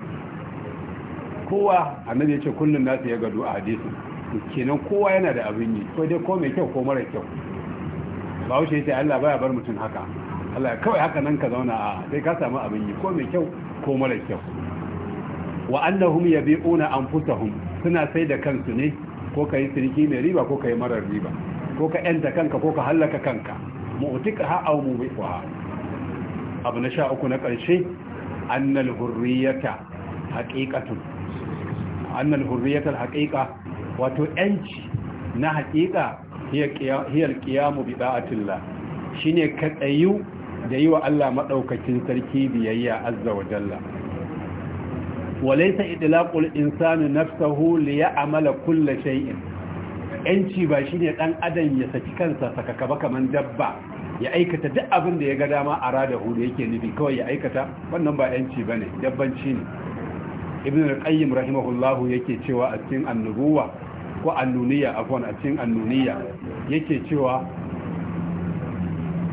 kowa annabi ya ce kullun nasu ya gado a hadisin kenan kowa yana da abin yi ko dai ko mai kyau ko mara kyau ba wuce ce Allah baya bar mutum haka Allah kawai haka nan ka zauna a sai ka samu abin yi ko mai kyau ko mara kyau wa annahum yabi'una anfusahum suna sai da kansu ne ko kai sirki mai riba ko kai marar riba ko ka yanta kanka ko ka hallaka kanka mu'tika ha aw mubiqaha abu na sha uku na karshe annal hurriyata haqiqatun annal hurriyata alhaqiqa wato yanci na haqiqa hiyar ƙiyamu bi da'atillah shi ne ka da yi wa Allah maɗaukacin sarki biyayya azza wa jalla walaisa idlaqul insani nafsahu ya amala kulla shay'in yanci ba shine ɗan adam ya saki kansa kaba kaman dabba ya aikata duk abinda ya ga dama a rada hudu yake nufi kawai ya aikata wannan ba yanci bane dabbanci ne ibn al-qayyim rahimahullahu yake cewa a cikin annubuwa ko annuniya kwan a cikin annuniya yake cewa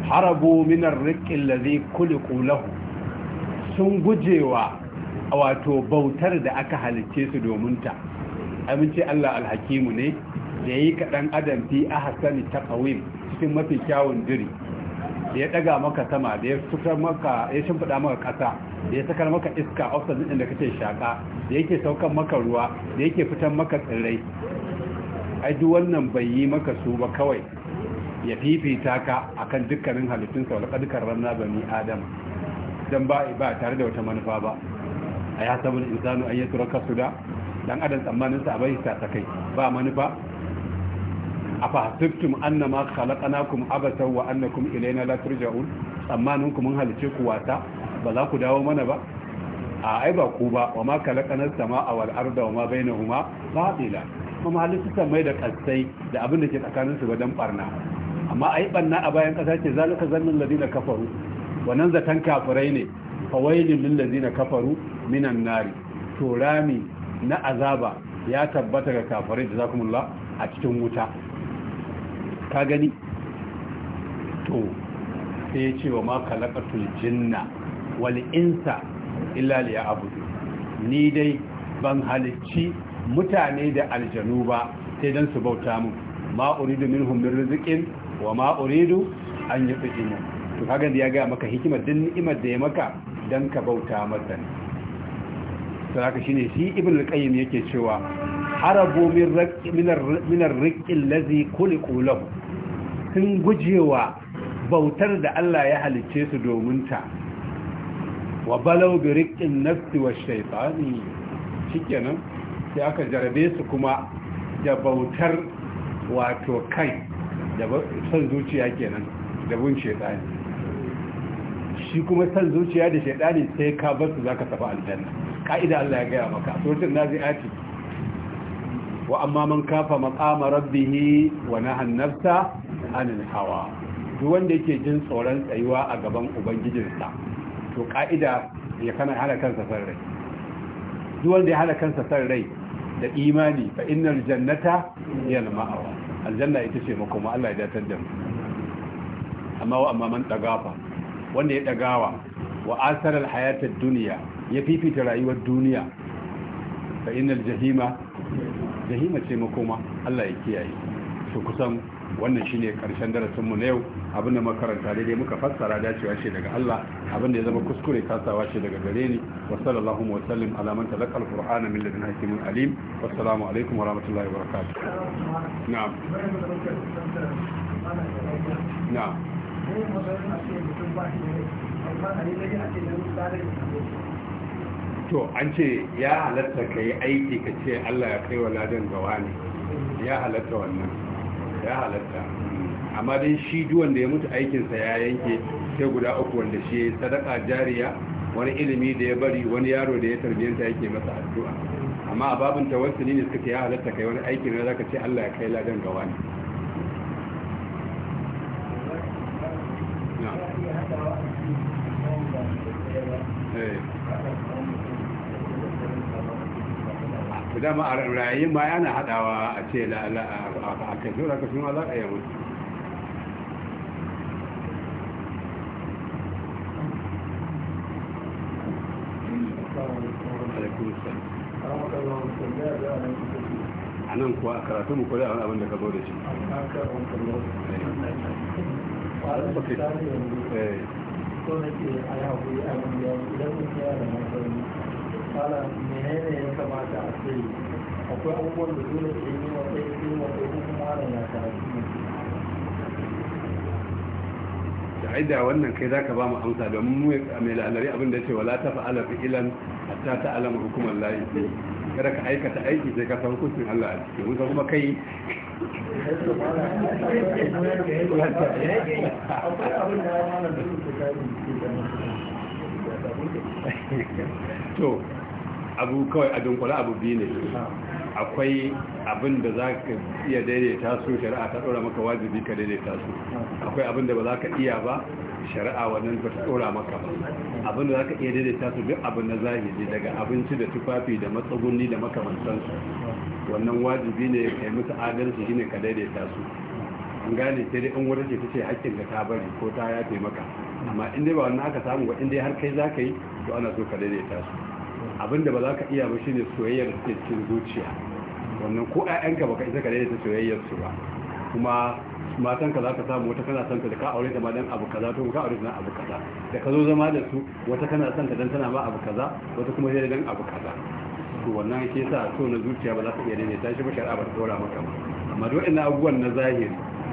harabu minar rikin lazi kuli kulahu sun gujewa wato bautar da aka halicce su domin ta amince Allah alhakimu ne da yayi kaɗan adam fi ta ƙawin cikin mafi kyawun jiri da ya ɗaga maka sama da ya fitar maka ya shimfida maka ƙasa da ya sakar maka iska oxygen din da kake shaka da yake saukan maka ruwa da yake fitar maka tsirrai ai duk wannan bai yi maka su ba kawai ya fifita ka akan dukkanin halittun sa wala kadkar ranna bani adam dan ba ba tare da wata manufa ba a ya sabul insanu an yatraka suda dan adam tsammanin sa bai sa sakai ba manufa afahasibtum annama khalaqnakum abathan wa annakum ilayna la turja'un tsammanin ku mun halice ku wata ba za ku dawo mana ba a ai ba ku ba wa ma khalaqanas samaa wal arda wa ma bainahuma batila kuma halittu mai da kasai da abin da ke tsakanin su wajen barna amma a yi barna a bayan kasa ce zalika zannun na kafaru wannan zatan kafirai ne fawailin lil na kafaru minan nari to rami na azaba ya tabbata ga kafirai da zakumullah a cikin wuta ka gani to sai ya ce wa ma kalaqatul jinna wal insa illa abu. ni dai ban halicci mutane da aljanu ba sai don su bauta mu ma uridu min min rizikin wa ma uridu an yi imu to kaga da ya gaya maka hikimar din ni'imar da ya maka don ka bauta masa saraka shine shi ibn al-qayyim yake cewa harabu min raqi min ar-riqi allazi khuliqu lahu sun gujewa bautar da Allah ya halicce su domin ta wa balau bi riqqin nafsi wash shaytani shikenan sai aka jarabe su kuma da bautar wato kai da son zuciya kenan da bun shaidani shi kuma son zuciya da shaidani sai ka bar su zaka tafi aljanna ka'ida Allah ya gaya maka zai aci. wa amma man kafa maqama rabbih wa an nafsa anil hawa duk wanda yake jin tsoron tsayuwa a gaban ubangijinsa to ka'ida ya kana halakan kansa san rai duk wanda ya halakan kansa san rai da imani fa innal jannata hiyal ma'awa aljanna ita ce makoma Allah ya datar da mu amma wa amma man dagafa wanda ya dagawa wa asara alhayatad dunya ya fifita rayuwar duniya fa innal jahima jahima ce makoma Allah ya kiyaye to kusan wannan shine karshen darasinmu na yau abin da makaranta dai-dai muka fassara dacewa ce daga Allah abin da ya zama kuskure kasawa ce daga gare ni wa sallallahu wa sallim ala man talaqa alqur'ana min ladin hakimin alim wa assalamu alaikum wa rahmatullahi wa barakatuh na'am na'am to an ce ya halatta ka yi aiki ka ce Allah ya kai wa ladan gawa ne ya halatta wannan ya halatta amma dai shi duwan da ya mutu aikinsa ya yanke sai guda uku wanda shi sadaka jariya wani ilimi da ya bari wani yaro da ya tarbiyyanta yake masa addu'a amma a babin tawassuli ne suka ya halatta kai wani aikin na zaka ce Allah ya kai ladan gawa ne eh. Hey. to dama a rayayyun ma yana haɗawa a ce la'ala a kashin ma za a yi mutu a nan kuwa a karatu mu kwada wani abin da ka zo da shi da eh. eh. ka ala menene ya kamata a akwai abubuwan da dole ke yi wa sai sai wa kuma da wannan kai zaka ba mu amsa domin mu mai lalari abin da yake wala ta fa'ala fi'ilan hatta ta alama hukumar layi kada ka aikata aiki sai ka san hukuncin Allah a ciki kuma kai to abu kawai abin kula abu biyu ne akwai abin da za ka iya daidaita su shari'a ta ɗora maka wajibi ka daidaita su akwai abin da ba za ka iya ba shari'a wannan ba ta ɗora maka ba abin da za ka iya daidaita su duk abin na zahiri daga abinci da tufafi da matsugunni da makamantansu wannan wajibi ne kai musu adalci shine ka daidaita su an gane sai dai in wata ce ta ce hakkin da ta bari ko ta yafe maka amma in dai ba wannan aka samu ba in dai har kai za ka yi to ana so ka daidaita su abinda ba za ka iya ba shine soyayyar cikin zuciya wannan ko ba baka isa ka daidaita soyayyar su ba kuma matan ka za ka samu wata kana son ka da ka aure ta ma dan abu kaza to ka aure ta abu kaza da ka zo zama da su wata kana son dan tana ba abu kaza wata kuma sai dan abu kaza to wannan shi yasa so na zuciya ba za ka iya daidaita shi ba shari'a ba ta dora maka ba amma duk ina abubuwan na zahiri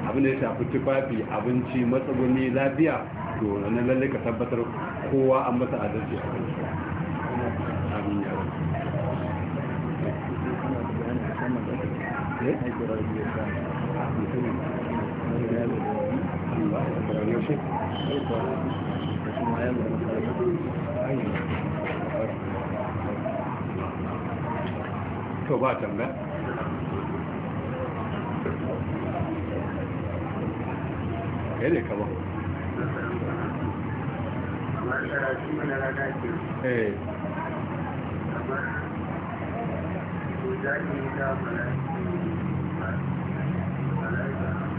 abin da ya shafi tufafi abinci matsuguni lafiya to wannan lalle ka tabbatar kowa an masa adalci a kansa to ba ne eh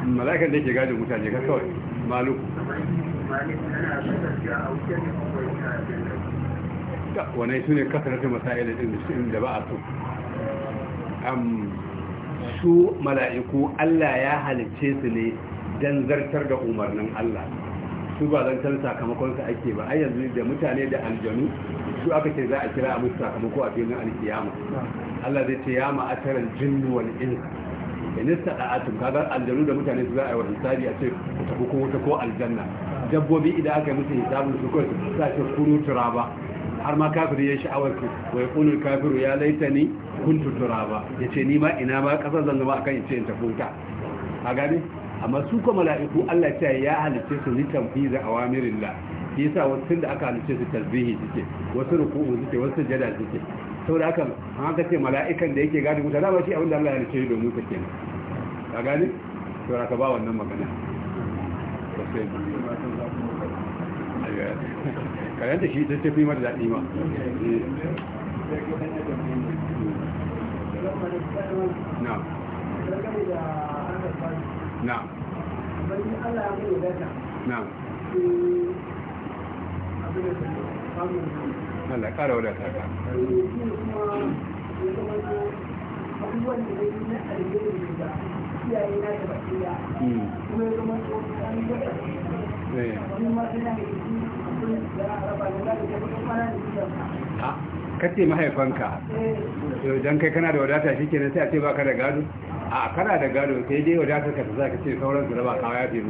mala'ikan da yake gadin mutane ka kawai maluku wane su ne kasaratun masa'ila din da ba a so su mala'iku Allah ya halicce su ne don zartar da umarnin Allah su ba zantar su ake ba ai yanzu da mutane da aljanu su aka ce za a kira a musu sakamako a filin alkiyama Allah zai ce ya ma'atarar jinnu wal inista da'atun kaga aljanu da mutane su za a yi wa hisabi a ce ku tafi ko wuta ko aljanna dabbobi idan aka yi musu hisabi su kai su sa ce kunu turaba har ma kafiri ya sha'awar ku wai kunul kafiru ya laita ni kuntu turaba ya ce ni ma ina ma kasar zan zama akan ce in tafi wuta a gane amma su kuma mala'iku Allah ya ya halitta su ni tanfiza awamirillah yasa wasu da aka halitta su talbihi suke wasu ruku'u suke wasu sujada suke sau da aka haka ce mala'ikan da yake gadi mutane ba shi abin da Allah ya rike domin ta ke ta gani da ka ba wannan magana karanta shi ta tafi mata daɗi ma na na na Allah kara wadata ka hmm. eh. kace mahaifanka don kai kana da wadata shi kenan sai a ce baka da gado a kana da gado sai dai wadatar ka za ka ce sauran su raba kawai ya fi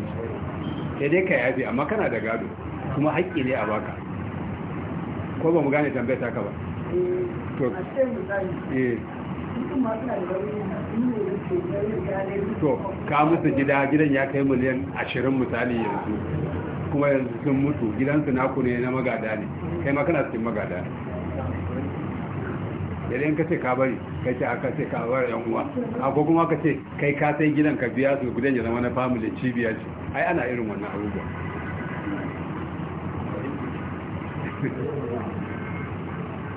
sai dai ka yafi amma kana da gado kuma haƙƙi ne a baka ko ba mu gane tambayar ka ba to eh. to ka musu gida gidan ya kai miliyan ashirin misali yanzu kuma yanzu sun mutu gidansu naku ne na magada ne kai ma kana cikin magada ne yadda ka ce ka bari kai ce aka ce ka bar yan uwa ko kuma ka ce kai ka sai gidan ka biya su gidan ya zama na family cibiya ce ai ana irin wannan abubuwa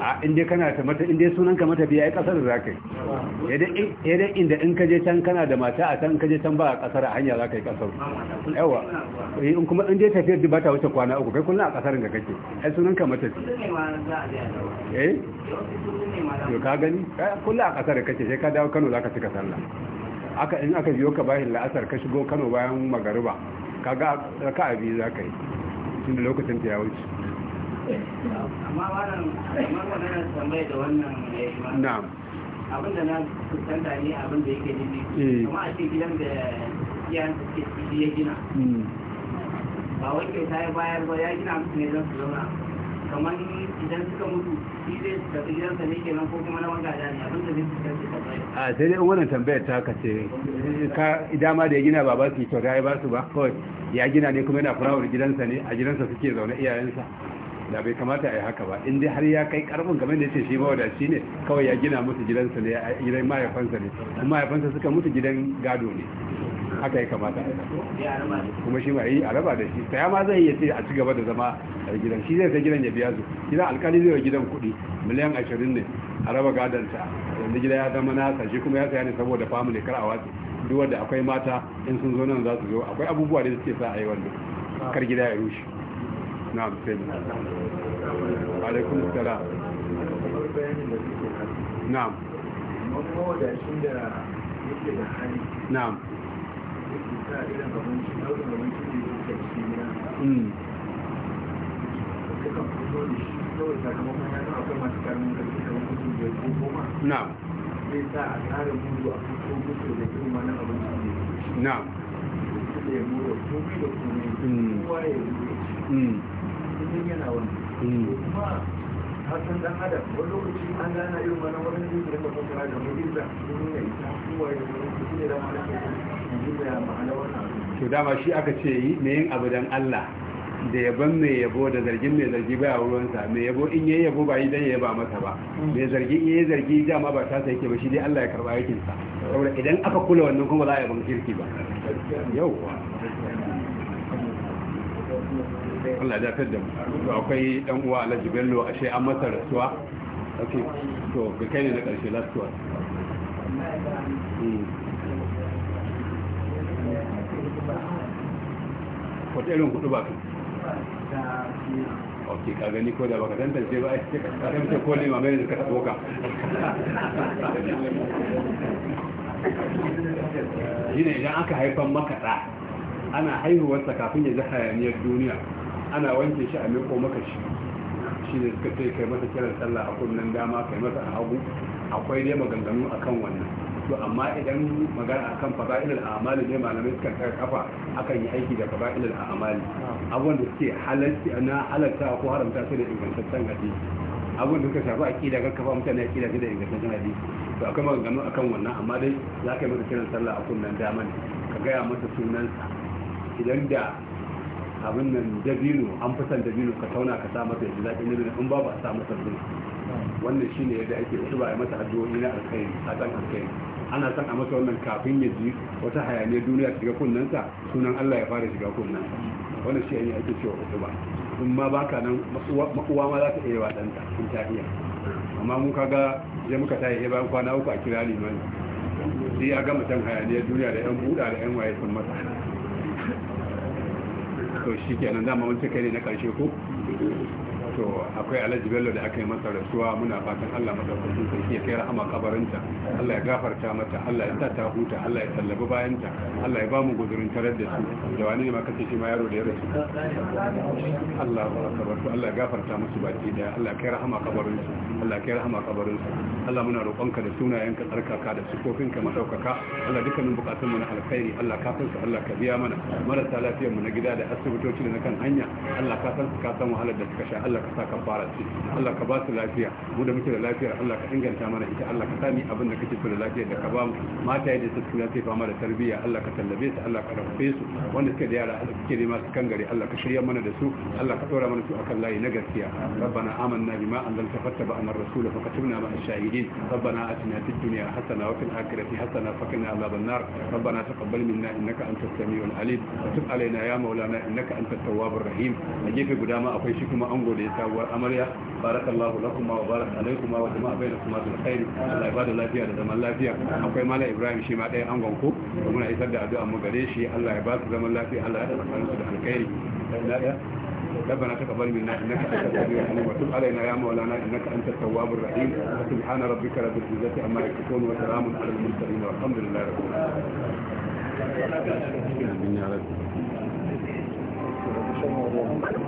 a inda kana ta mata inda sunan ka mata biya ya kasar da zaka yi yadda inda in kaje can kana da mata a can kaje can ba a kasar a hanya ka yi kasar yawa eh, in kuma in je tafiyar da bata wuce kwana uku kai kullum a kasar da kake ai sunan ka mata ce eh yo ka gani kullum a kasar da kake sai ka dawo Kano zaka cika sallah aka in aka biyo ka bayan la'asar ka shigo Kano bayan magariba kaga raka'a biyu ka yi tun da lokacin ta ya wuce amma wannan kamar wannan tambayi da wannan na'am abinda na kusanta ne abinda yake nufi eh. kuma a ce gidan da iyayen suke ciki ya gina hmm. ba wai ta ya bayar ba ya gina musu ne zan su zauna kamar idan suka mutu shi zai tafi gidansa ne kenan ko kuma na magada ne abin da zai tafi a sai dai wannan tambayar ta ka ce ka dama da ya gina ba ba su kyauta ya ba su ba kawai ya gina ne kuma yana firawar gidansa ne a gidansa suke zaune iyayensa da bai kamata a yi haka ba in dai har ya kai karfin game da ce shi mawadaci ne kawai ya gina musu gidansa ne gidan mahaifansa ne mahaifansa suka mutu gidan gado ne haka ya kamata kuma shi mai a raba da shi ta ma zai iya a ci gaba da zama a gidan shi zai sai gidan ya biya su gidan alkali zai wa gidan kuɗi miliyan ashirin ne a raba gadonta yanzu gida ya zama nasa shi kuma ya saya ne saboda family kar a watsi duk akwai mata in sun zo nan za su zo akwai abubuwa da suke sa a yi wanda kar gida ya rushe na amfani. alaikum salam na'am na'am na'am zai sa a ƙara gudu a fito gudu da irin wani abinci ne na'am da ya mura komai da komai kowa ya zuwa idan yana wani kuma hasan dan adam wani lokaci an gana irin wani wani zai da ka fasara da mu inda kuma ya ita kowa ya zuwa ne da mana kai to dama shi aka ce yi mai yin abu don Allah da yabon mai yabo da zargin mai zargi baya a mai yabo in yayi yabo ba yi don ya ba masa ba mai zargi in yayi zargi dama ba ta sa yake ba shi dai Allah ya karba yakinsa saboda idan aka kula wannan kuma za a yabon kirki ba yau Allah ya fadda mu to akwai dan uwa Alhaji Bello ashe an masa rasuwa okay to ga kai ne na karshe last one hmm. wata irin hudu ba ok ka gani ko da baka tantance ba ka tantance ko ne mamai da ka tabo ka shine idan aka haifan maka da ana haihuwarsa kafin ya ji hayaniyar duniya ana wanke shi a miko maka shi shi ne suka ce kai masa kiran sallah a kunnen dama kai masa a hagu akwai dai maganganu kan wannan to amma idan magana akan fada'ilul a'mali ne malamai suka kai kafa akan yi aiki da fada'ilul a'mali abubuwan da suke halalci na halalta ko haramta su da ingantaccen hadisi abubuwan da suka shafi a aqida ga kafa mutane aqida da ingantaccen hadisi to akwai maganganu akan wannan amma dai za ka yi masa kiran sallah a kunnan dama ne ka gaya masa sunansa idan da abin nan dabino an fi san dabino ka tauna ka sa masa yanzu zaƙin nuna in babu a sa masa zuwa wannan shine yadda ake shi ba a masa addu'o'i na alkhairi a kan alkhairi ana son a masa wannan kafin ya ji wata hayaniyar duniya shiga kunnensa sunan Allah ya fara shiga kunnensa wannan shi ne ake cewa ba. in ma ba ka nan makuwa ma za ta iya wa ɗanta in ta iya amma mun kaga je muka ta yi bayan kwana uku a kira limani sai ya gama can hayaniyar duniya da yan buɗa da yan waye sun masa to shi kenan dama wani kai ne na ƙarshe ko to akwai alhaji bello da aka yi masa rasuwa muna fatan allah madaukakin sarki ya kai rahama kabarinta allah ya gafarta mata allah ya sa ta huta allah ya tallabi bayanta allah ya ba mu guzurin tarar da su da wani ne maka kace shi ma yaro da ya rasu allah ya kabarta allah ya gafarta musu baki daya allah ya kai rahama kabarinsu allah ya kai rahama kabarinsu allah muna roƙonka da sunayenka tsarkaka da sukofinka madaukaka allah dukkanin mu na alkhairi allah ka san su allah ka biya mana marasa mu na gida da asibitoci da na kan hanya allah ka san su ka san wahalar da suka sha allah ka sa kafara ce Allah ka ba su lafiya mu da muke da lafiya Allah ka inganta mana ita Allah ka sani abin da kake so da lafiya da ka ba mu mata yadda su suna sai fama da tarbiyya Allah ka tallabe su Allah ka rafe su wanda suke da yara Allah suke nema su kan gari Allah ka shirya mana da su Allah ka dora mana su akan layi na gaskiya rabbana amanna bima anzalta fattaba anar rasul fa katubna ma ash-shahidin rabbana atina fid dunya hasana wa fil akhirati hasana wa qina adhaban nar rabbana taqabbal minna innaka antas samiul alim wa tub alaina ya maulana innaka antat tawwabur rahim a gefe guda ma akwai shi kuma an gode kyakkyawar amarya barakallahu lakuma wa barak wa jama'a bainakuma bil khair Allah ya lafiya da zaman lafiya akwai mala Ibrahim shi ma ɗaya angon ku muna isar da addu'a mu gare shi Allah ya ba su zaman lafiya Allah ya tsare su da alkhairi ربنا تقبل منا انك انت السميع العليم وتب علينا يا مولانا انك انت التواب الرحيم سبحان ربك رب العزه عما يصفون وسلام على المرسلين والحمد لله رب العالمين